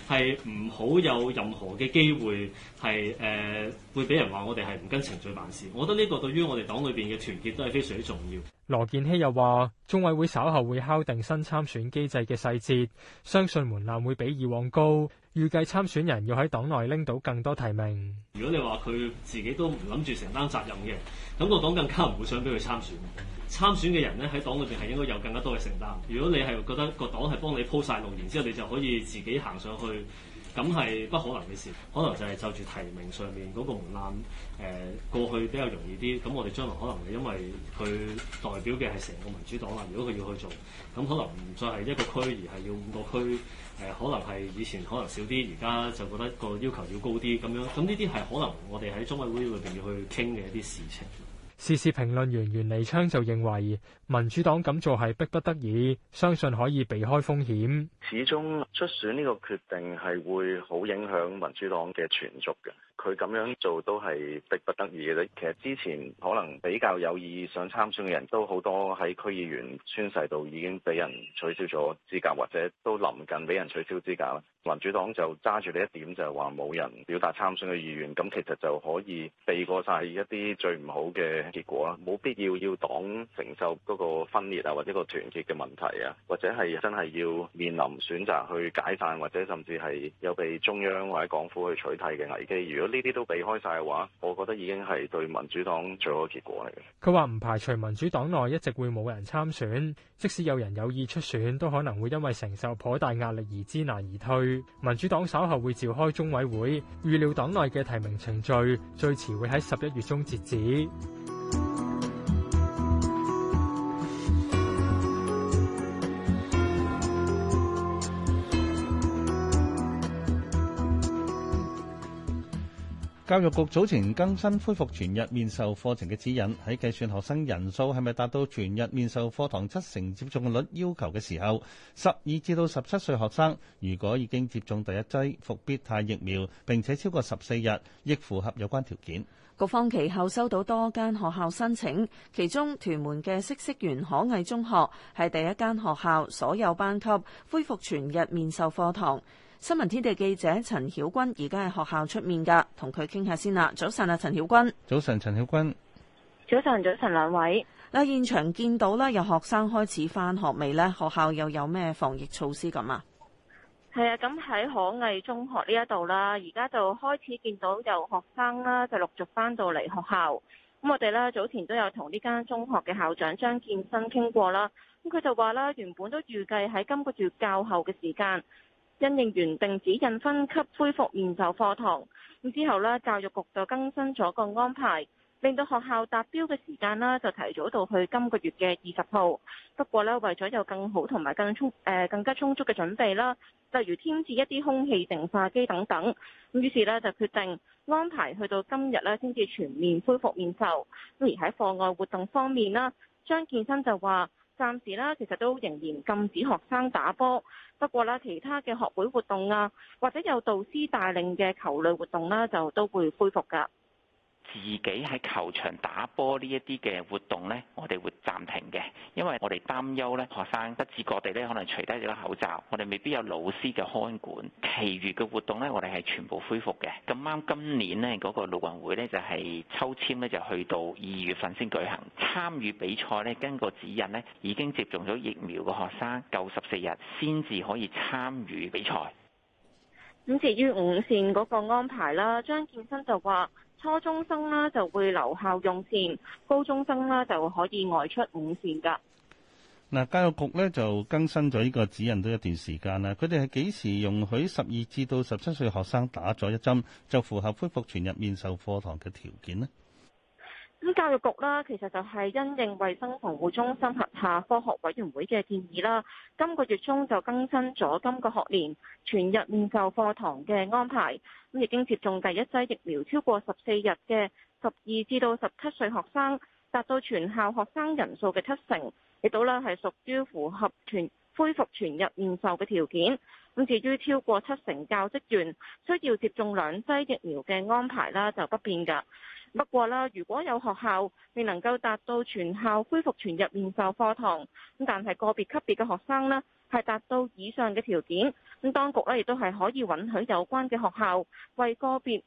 係唔好有任何嘅機會係誒、呃、會俾人話我哋係唔跟程序辦事。我覺得呢個對於我哋黨裏面嘅團結都係非常之重要。羅健熙又話：中委會稍後會敲定新參選機制嘅細節，相信門檻會比以往高。預計參選人要喺黨內拎到更多提名。如果你話佢自己都唔諗住承擔責任嘅，咁個黨更加唔會想俾佢參選。參選嘅人咧，喺黨裏邊係應該有更加多嘅承擔。如果你係覺得個黨係幫你鋪晒路，然之後你就可以自己行上去，咁係不可能嘅事。可能就係就住提名上面嗰個門檻，誒、呃、過去比較容易啲。咁我哋將來可能係因為佢代表嘅係成個民主黨啦。如果佢要去做，咁可能唔再係一個區，而係要五個區。呃、可能係以前可能少啲，而家就覺得個要求要高啲咁樣。咁呢啲係可能我哋喺中委會裏面要去傾嘅一啲事情。時事評論員袁彌昌就認為，民主黨咁做係逼不得已，相信可以避開風險。始終出選呢個決定係會好影響民主黨嘅存續嘅。佢咁樣做都係逼不得已嘅。其實之前可能比較有意想參選嘅人都好多喺區議員宣誓度已經俾人取消咗資格，或者都臨近俾人取消資格啦。民主黨就揸住呢一點，就係話冇人表達參選嘅意願，咁其實就可以避過晒一啲最唔好嘅。結果啦，冇必要要黨承受嗰個分裂啊，或者個團結嘅問題啊，或者係真係要面臨選擇去解散，或者甚至係有被中央或者港府去取締嘅危機，如果呢啲都避開晒嘅話，我覺得已經係對民主黨最好嘅結果嚟嘅。佢話唔排除民主黨內一直會冇人參選，即使有人有意出選都可能會因為承受頗大壓力而知難而退。民主黨稍後會召開中委會，預料黨內嘅提名程序最遲會喺十一月中截止。教育局早前更新恢復全日面授課程嘅指引，喺計算學生人數係咪達到全日面授課堂七成接種率要求嘅時候，十二至到十七歲學生如果已經接種第一劑復必泰疫苗並且超過十四日，亦符合有關條件。局方其後收到多間學校申請，其中屯門嘅嗇色園可藝中學係第一間學校，所有班級恢復全日面授課堂。新聞天地記者陳曉君而家喺學校出面㗎，同佢傾下先啦。早晨啊，陳曉君。早晨，陳曉君。早晨，早晨，兩位。嗱，現場見到啦，有學生開始翻學未呢？學校又有咩防疫措施咁啊？係啊，咁喺可藝中學呢一度啦，而家就開始見到有學生啦，就陸續翻到嚟學校。咁我哋啦，早前都有同呢間中學嘅校長張建新傾過啦。咁佢就話啦，原本都預計喺今個月較後嘅時間。因應原定指引分級恢復面授課堂，咁之後呢，教育局就更新咗個安排，令到學校達標嘅時間就提早到去今個月嘅二十號。不過呢，為咗有更好同埋更充、呃、更加充足嘅準備啦，例如添置一啲空氣淨化機等等，咁於是呢就決定安排去到今日呢先至全面恢復面授。咁而喺課外活動方面呢，張建生就話。暫時啦，其實都仍然禁止學生打波。不過啦，其他嘅學會活動啊，或者有導師帶領嘅球類活動啦，就都會恢復㗎。自己喺球場打波呢一啲嘅活動呢，我哋會暫停嘅，因為我哋擔憂呢，學生不自覺地呢可能除低咗口罩，我哋未必有老師嘅看管。其餘嘅活動呢，我哋係全部恢復嘅。咁啱今年呢嗰，那個陸運會咧就係抽籤呢，就，是，就去到二月份先舉行參與比賽呢，根據指引呢，已經接種咗疫苗嘅學生夠十四日先至可以參與比賽，咁，嗯、至於五線嗰個安排啦，張建新就話。初中生啦就會留校用膳，高中生啦就可以外出用膳㗎。教育局咧就更新咗呢個指引都一段時間啦。佢哋係幾時容許十二至到十七歲學生打咗一針就符合恢復全日面授課堂嘅條件呢？咁教育局啦，其實就係因應衛生防護中心轄下科學委員會嘅建議啦，今個月中就更新咗今個學年全日面授課堂嘅安排。咁已經接種第一劑疫苗超過十四日嘅十二至到十七歲學生，達到全校學生人數嘅七成，亦到啦係屬於符合全恢復全日面授嘅條件。咁至於超過七成教職員需要接種兩劑疫苗嘅安排啦，就不變噶。不過啦，如果有學校未能夠達到全校恢復全日面授課堂，咁但係個別級別嘅學生咧係達到以上嘅條件，咁當局咧亦都係可以允許有關嘅學校為個別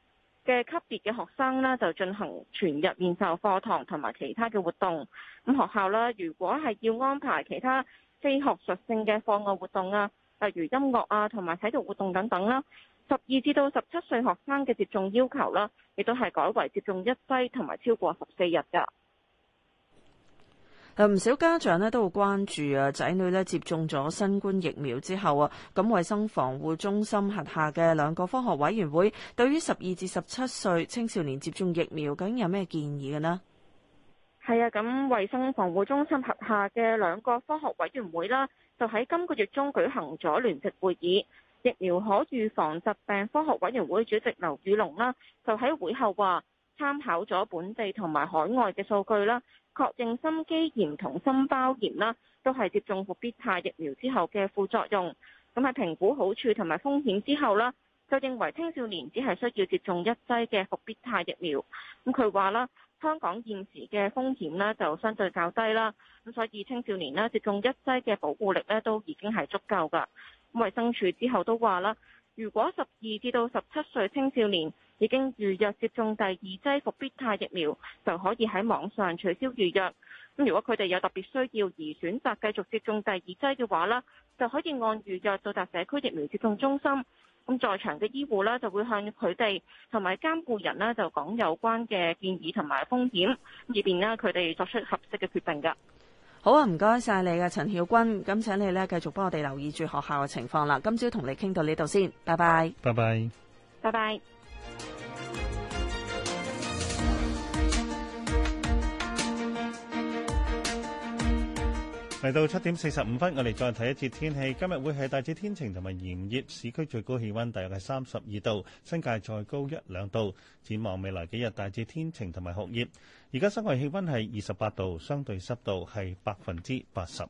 嘅級別嘅學生咧就進行全日面授課堂同埋其他嘅活動。咁學校咧，如果係要安排其他非學術性嘅課外活動啊，例如音樂啊同埋體育活動等等啦。十二至到十七歲學生嘅接種要求啦，亦都係改為接種一劑同埋超過十四日噶。誒，唔少家長呢都會關注啊，仔女咧接種咗新冠疫苗之後啊，咁衛生防護中心轄下嘅兩個科學委員會對於十二至十七歲青少年接種疫苗，究竟有咩建議嘅呢？係啊，咁衛生防護中心轄下嘅兩個科學委員會啦，就喺今個月中舉行咗聯席會議。疫苗可預防疾病科學委員會主席劉宇龍啦，就喺會後話，參考咗本地同埋海外嘅數據啦，確認心肌炎同心包炎啦，都係接種復必泰疫苗之後嘅副作用。咁喺評估好處同埋風險之後咧，就認為青少年只係需要接種一劑嘅復必泰疫苗。咁佢話啦，香港現時嘅風險呢就相對較低啦，咁所以青少年咧接種一劑嘅保護力呢都已經係足夠噶。衛生署之後都話啦，如果十二至到十七歲青少年已經預約接種第二劑伏必泰疫苗，就可以喺網上取消預約。咁如果佢哋有特別需要而選擇繼續接種第二劑嘅話啦，就可以按預約到達社區疫苗接種中心。咁在場嘅醫護呢，就會向佢哋同埋監護人呢就講有關嘅建議同埋風險，以便呢佢哋作出合適嘅決定㗎。好啊，唔該晒你啊，陳曉君，咁請你咧繼續幫我哋留意住學校嘅情況啦。今朝同你傾到呢度先，拜拜，拜拜，拜拜。嚟到七點四十五分，我哋再睇一節天氣。今日會係大致天晴同埋炎熱，市區最高氣温大概係三十二度，新界再高一兩度。展望未來幾日帶着，大致天晴同埋酷熱。而家室外氣温係二十八度，相對濕度係百分之八十。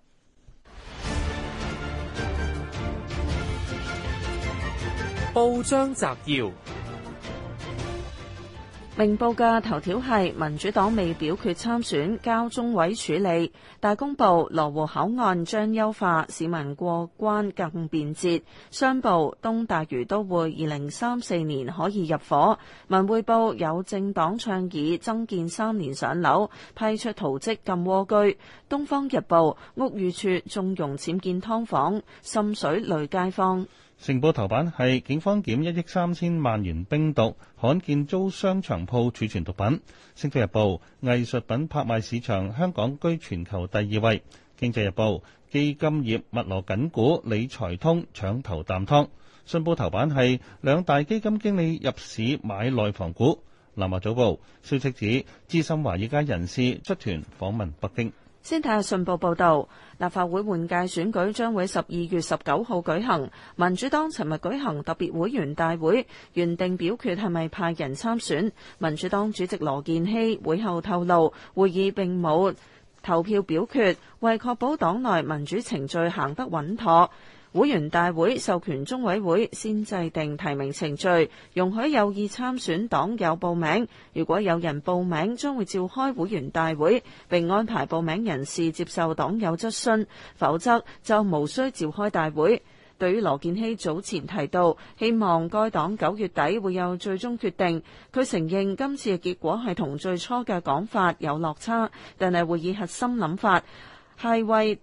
報章摘要。明報嘅頭條係民主黨未表決參選交中委處理。大公報羅湖口岸將優化，市民過關更便捷。商報東大嶼都會二零三四年可以入伙。文匯報有政黨倡議增建三年上樓，批出圖積禁蝸居。東方日報屋宇處縱容僭建劏房，滲水累街坊。成報頭版係警方檢一億三千萬元冰毒，罕見租商場鋪儲存毒品。星島日報藝術品拍賣市場香港居全球第二位。經濟日報基金業物流緊股，理財通搶頭啖湯。信報頭版係兩大基金經理入市買內房股。南華早報消息指，資深華爾街人士出團訪問北京。先睇下信報報導，立法會換屆選舉將會十二月十九號舉行。民主黨尋日舉行特別會員大會，原定表決係咪派人參選。民主黨主席羅健熙會後透露，會議並冇投票表決，為確保黨內民主程序行得穩妥。會員大會授權中委會先制定提名程序，容許有意參選黨友報名。如果有人報名，將會召開會員大會，並安排報名人士接受黨友質詢；否則就無需召開大會。對於羅建熙早前提到希望該黨九月底會有最終決定，佢承認今次嘅結果係同最初嘅講法有落差，但係會以核心諗法係為。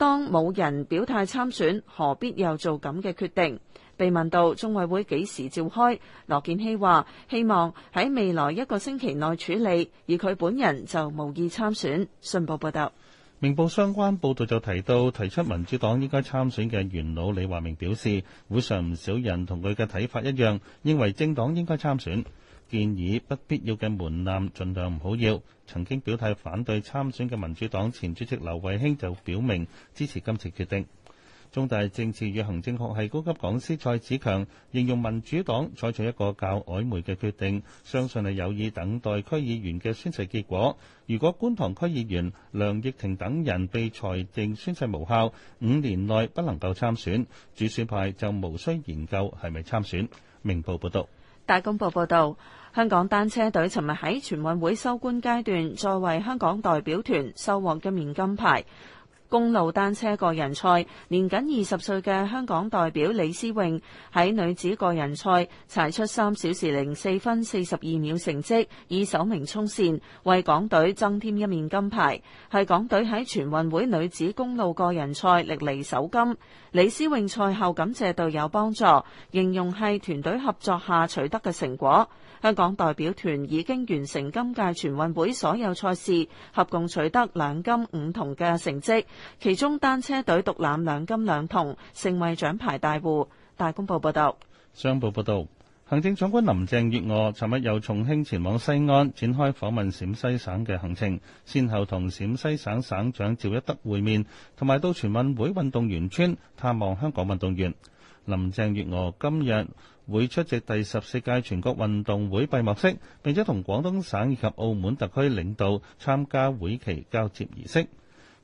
當冇人表態參選，何必又做咁嘅決定？被問到中委會幾時召開，羅建熙話希望喺未來一個星期內處理，而佢本人就無意參選。信報報道，明報相關報道就提到，提出民主黨應該參選嘅元老李華明表示，會上唔少人同佢嘅睇法一樣，認為政黨應該參選。建議不必要嘅門檻盡量唔好要。曾經表態反對參選嘅民主黨前主席劉慧卿就表明支持今次決定。中大政治與行政學系高級講師蔡子強形容民主黨採取一個較曖昧嘅決定，相信係有意等待區議員嘅宣誓結果。如果觀塘區議員梁亦婷等人被裁定宣誓無效，五年內不能夠參選，主選派就無需研究係咪參選。明報報道。大公報報導，香港單車隊尋日喺全運會收官階段，再為香港代表團收獲一面金牌。公路單車個人賽，年僅二十歲嘅香港代表李思穎喺女子個人賽，踩出三小時零四分四十二秒成績，以首名衝線，為港隊增添一面金牌，係港隊喺全運會女子公路個人賽歷嚟首金。李思穎賽後感謝隊友幫助，形容係團隊合作下取得嘅成果。香港代表團已經完成今屆全運會所有賽事，合共取得兩金五銅嘅成績，其中單車隊獨攬兩金兩銅，成為獎牌大戶。大公報報道，商報報道，行政長官林鄭月娥尋日由重慶前往西安，展開訪問陝西省嘅行程，先後同陝西省省長趙一德會面，同埋到全運會運動員村探望香港運動員。林鄭月娥今日會出席第十四屆全國運動會閉幕式，並且同廣東省以及澳門特區領導參加會旗交接儀式。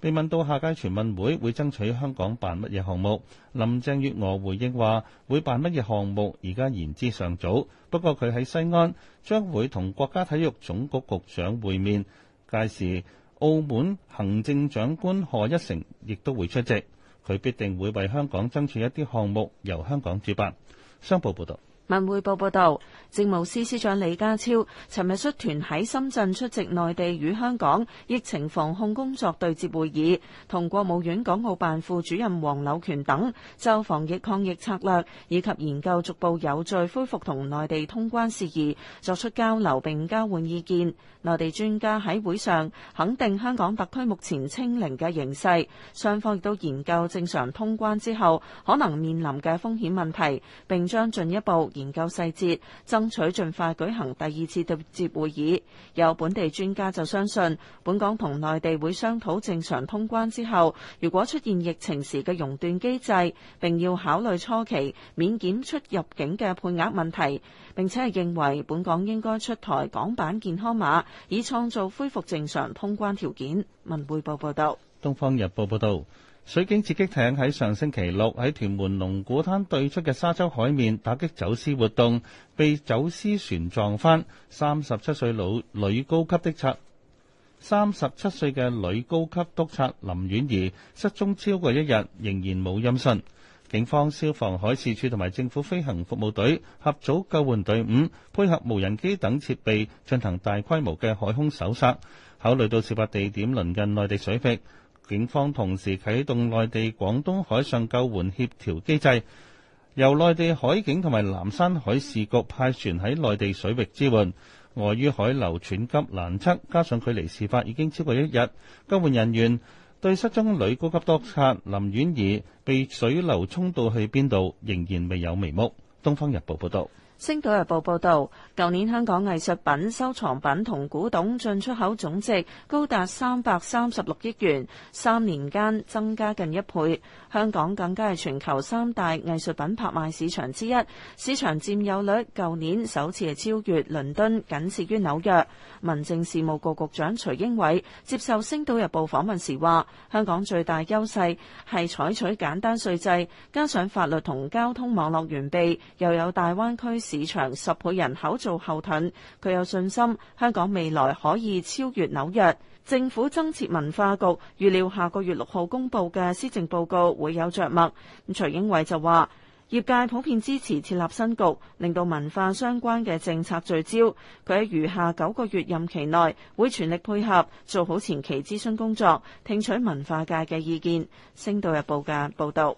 被問到下屆全運會會爭取香港辦乜嘢項目，林鄭月娥回應話：會辦乜嘢項目，而家言之尚早。不過佢喺西安將會同國家體育總局局長會面，屆時澳門行政長官賀一誠亦都會出席。佢必定會為香港爭取一啲項目由香港主辦，商報報道。文匯報報道，政務司司長李家超尋日率團喺深圳出席內地與香港疫情防控工作對接會議，同國務院港澳辦副主任黃柳權等就防疫抗疫策略以及研究逐步有序恢復同內地通關事宜作出交流並交換意見。內地專家喺會上肯定香港特區目前清零嘅形勢，雙方亦都研究正常通關之後可能面臨嘅風險問題，並將進一步研究細節，爭取盡快舉行第二次對接會議。有本地專家就相信，本港同內地會商討正常通關之後，如果出現疫情時嘅熔斷機制，並要考慮初期免檢出入境嘅配額問題。並且係認為，本港應該出台港版健康碼，以創造恢復正常通關條件。文匯報報道。東方日報報道。水警截擊艇喺上星期六喺屯門龍鼓灘對出嘅沙洲海面打擊走私活動，被走私船撞翻。三十七歲老女高級的察，三十七歲嘅女高級督察林婉儀失蹤超過一日，仍然冇音訊。警方、消防、海事處同埋政府飛行服務隊合組救援隊伍，配合無人機等設備進行大規模嘅海空搜查。考慮到事發地點鄰近內地水域。警方同時啟動內地廣東海上救援協調機制，由內地海警同埋南山海事局派船喺內地水域支援。礙於海流湍急難測，加上距離事發已經超過一日，救援人員對失蹤女高級督察林婉儀被水流沖到去邊度仍然未有眉目。《東方日報》報道。《星島日報》報導，舊年香港藝術品、收藏品同古董進出口總值高達三百三十六億元，三年間增加近一倍。香港更加係全球三大藝術品拍賣市場之一，市場佔有率舊年首次係超越倫敦，僅次於紐約。民政事務局局長徐英偉接受《星島日報》訪問時話，香港最大優勢係採取簡單稅制，加上法律同交通網絡完備，又有大灣區。市場十倍人口做後盾，佢有信心香港未來可以超越紐約。政府增設文化局，預料下個月六號公布嘅施政報告會有着墨。咁徐英偉就話，業界普遍支持設立新局，令到文化相關嘅政策聚焦。佢喺餘下九個月任期內，會全力配合做好前期諮詢工作，聽取文化界嘅意見。星島日報嘅報道，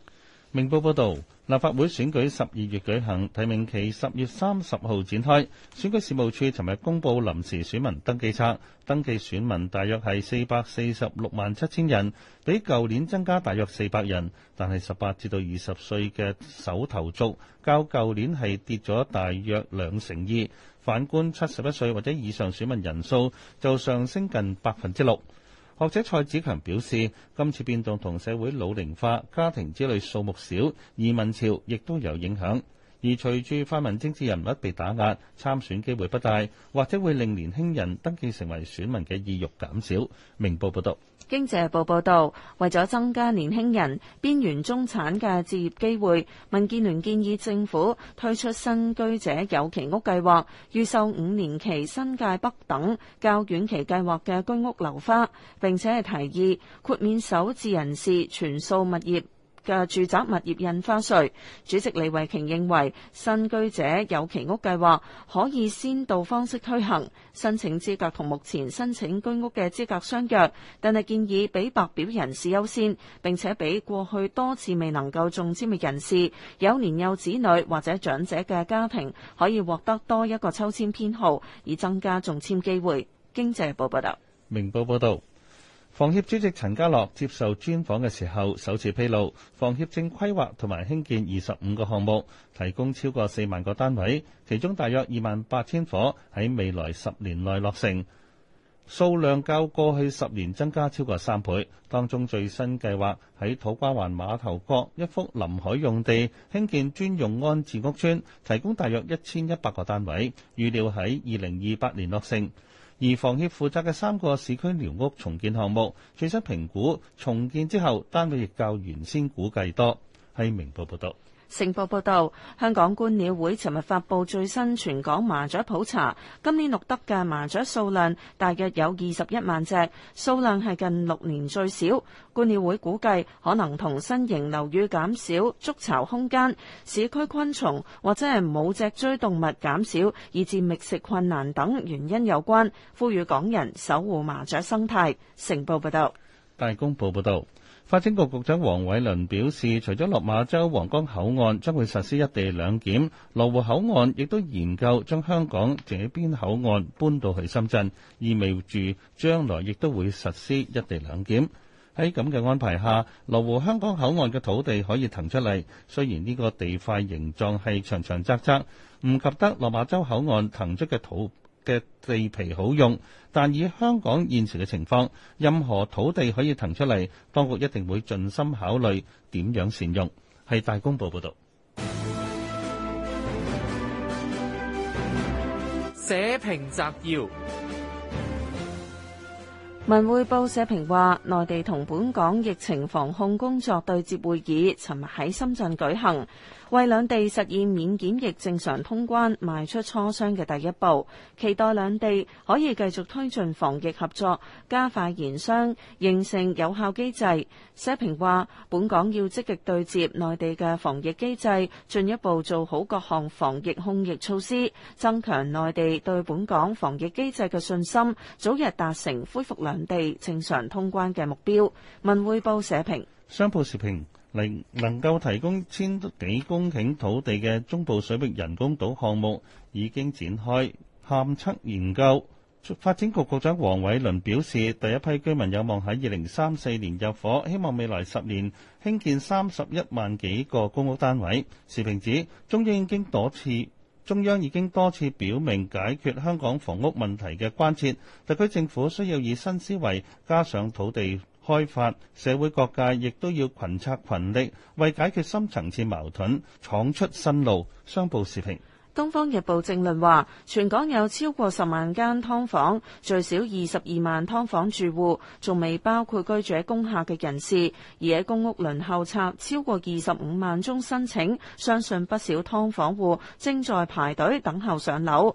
明報報道。立法會選舉十二月舉行，提名期十月三十號展開。選舉事務處尋日公布臨時選民登記冊，登記選民大約係四百四十六萬七千人，比舊年增加大約四百人。但係十八至到二十歲嘅首投族，較舊年係跌咗大約兩成二。反觀七十一歲或者以上選民人數，就上升近百分之六。學者蔡子強表示，今次變動同社會老齡化、家庭子女數目少、移民潮亦都有影響。而隨住泛民政治人物被打壓，參選機會不大，或者會令年輕人登記成為選民嘅意欲減少。明報報道。《經濟日報》報導，為咗增加年輕人邊緣中產嘅置業機會，民建聯建議政府推出新居者有其屋計劃，預售五年期新界北等較遠期計劃嘅居屋樓花，並且係提議豁免首置人士全數物業嘅住宅物業印花稅，主席李慧瓊認為新居者有其屋計劃可以先到方式推行，申請資格同目前申請居屋嘅資格相若，但係建議俾白表人士優先，並且俾過去多次未能夠中簽嘅人士，有年幼子女或者長者嘅家庭可以獲得多一個抽簽編號，以增加中簽機會。經濟報報道，明報報道。房協主席陳家樂接受專訪嘅時候，首次披露，房協正規劃同埋興建二十五個項目，提供超過四萬個單位，其中大約二萬八千伙喺未來十年內落成，數量較過去十年增加超過三倍。當中最新計劃喺土瓜灣馬頭角一幅臨海用地興建專用安置屋村，提供大約一千一百個單位，預料喺二零二八年落成。而房協負責嘅三個市區寮屋重建項目，最新評估重建之後單位亦較原先估計多。係明報報道。成報報道，香港觀鳥會尋日發布最新全港麻雀普查，今年錄得嘅麻雀數量大約有二十一萬隻，數量係近六年最少。觀鳥會估計，可能同新型樓宇減少築巢空間、市區昆蟲或者係冇脊椎動物減少，以致覓食困難等原因有關。呼籲港人守護麻雀生態。成報報道，大公報報道。發展局局長黃偉綸表示，除咗落馬洲皇崗口岸將會實施一地兩檢，羅湖口岸亦都研究將香港這邊口岸搬到去深圳，意味住將來亦都會實施一地兩檢。喺咁嘅安排下，羅湖香港口岸嘅土地可以騰出嚟，雖然呢個地塊形狀係長長窄窄，唔及得落馬洲口岸騰出嘅土嘅地皮好用，但以香港現時嘅情況，任何土地可以騰出嚟，當局一定會盡心考慮點樣善用。係大公報報道。社評摘要：文匯報社評話，內地同本港疫情防控工作對接會議，尋日喺深圳舉行。為兩地實現免檢疫正常通關，邁出磋商嘅第一步，期待兩地可以繼續推進防疫合作，加快研商形成有效機制。社評話：本港要積極對接內地嘅防疫機制，進一步做好各項防疫控疫措施，增強內地對本港防疫機制嘅信心，早日達成恢復兩地正常通關嘅目標。文匯報社評，商報社評。能夠提供千幾公頃土地嘅中部水域人工島項目已經展開勘測，研究發展局局長黃偉倫表示，第一批居民有望喺二零三四年入伙，希望未來十年興建三十一萬幾個公屋單位。時評指，中央已經多次中央已經多次表明解決香港房屋問題嘅關切，特區政府需要以新思維加上土地。開發社會各界亦都要群策群力，為解決深層次矛盾，闖出新路。商報時評，《東方日報》政論話，全港有超過十萬間劏房，最少二十二萬劏房住戶，仲未包括居住喺工廈嘅人士。而喺公屋輪候冊，超過二十五萬宗申請，相信不少劏房戶正在排隊等候上樓。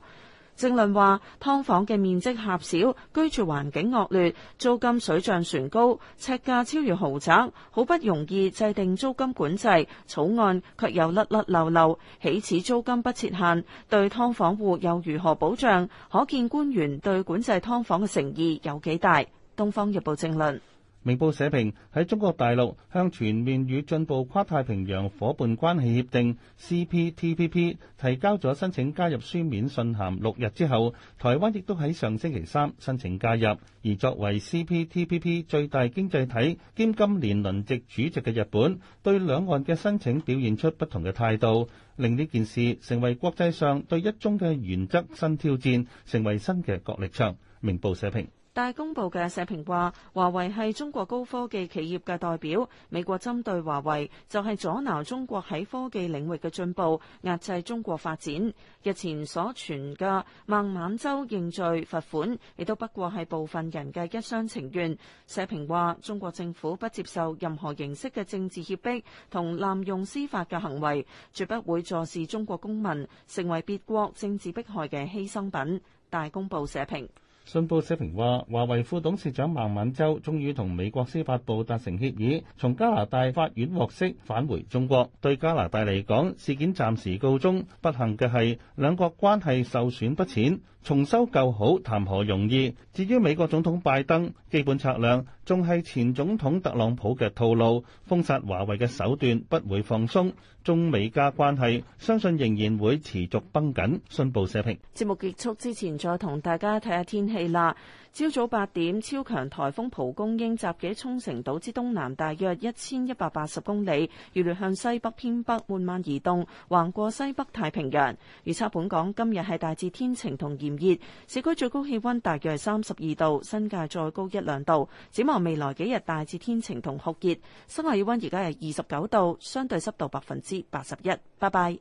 政論話，劏房嘅面積狹小，居住環境惡劣，租金水漲船高，尺價超越豪宅，好不容易制定租金管制草案，卻又甩甩漏漏，起始租金不設限，對劏房戶又如何保障？可見官員對管制劏房嘅誠意有幾大？東方日報政論。明報社評，喺中國大陸向全面與進步跨太平洋伙伴關係協定 （CPTPP） 提交咗申請加入書面信函六日之後，台灣亦都喺上星期三申請加入。而作為 CPTPP 最大經濟體兼今年輪值主席嘅日本，對兩岸嘅申請表現出不同嘅態度，令呢件事成為國際上對一中嘅原則新挑戰，成為新嘅角力場。明報社評。大公報嘅社評話：華為係中國高科技企業嘅代表，美國針對華為就係阻撓中國喺科技領域嘅進步，壓制中國發展。日前所傳嘅孟晚舟認罪罰款，亦都不過係部分人嘅一廂情願。社評話：中國政府不接受任何形式嘅政治脅迫同濫用司法嘅行為，絕不會坐視中國公民成為別國政治迫害嘅犧牲品。大公報社評。信報社評話：華為副董事長孟晚舟終於同美國司法部達成協議，從加拿大法院獲釋返回中國。對加拿大嚟講，事件暫時告終。不幸嘅係，兩國關係受損不淺。重修舊好談何容易？至於美國總統拜登基本策略仲係前總統特朗普嘅套路，封殺華為嘅手段不會放鬆。中美加關係相信仍然會持續繃緊。信報社評。節目結束之前，再同大家睇下天氣啦。朝早八點，超強颱風蒲公英集結沖繩島之東南，大約一千一百八十公里，預料向西北偏北緩慢，慢移動，橫過西北太平洋。預測本港今日係大致天晴同炎熱，市區最高氣温大約係三十二度，新界再高一兩度。展望未來幾日大致天晴同酷熱，室外氣温而家係二十九度，相對濕度百分之八十一。拜拜。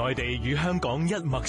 內地與香港一脈。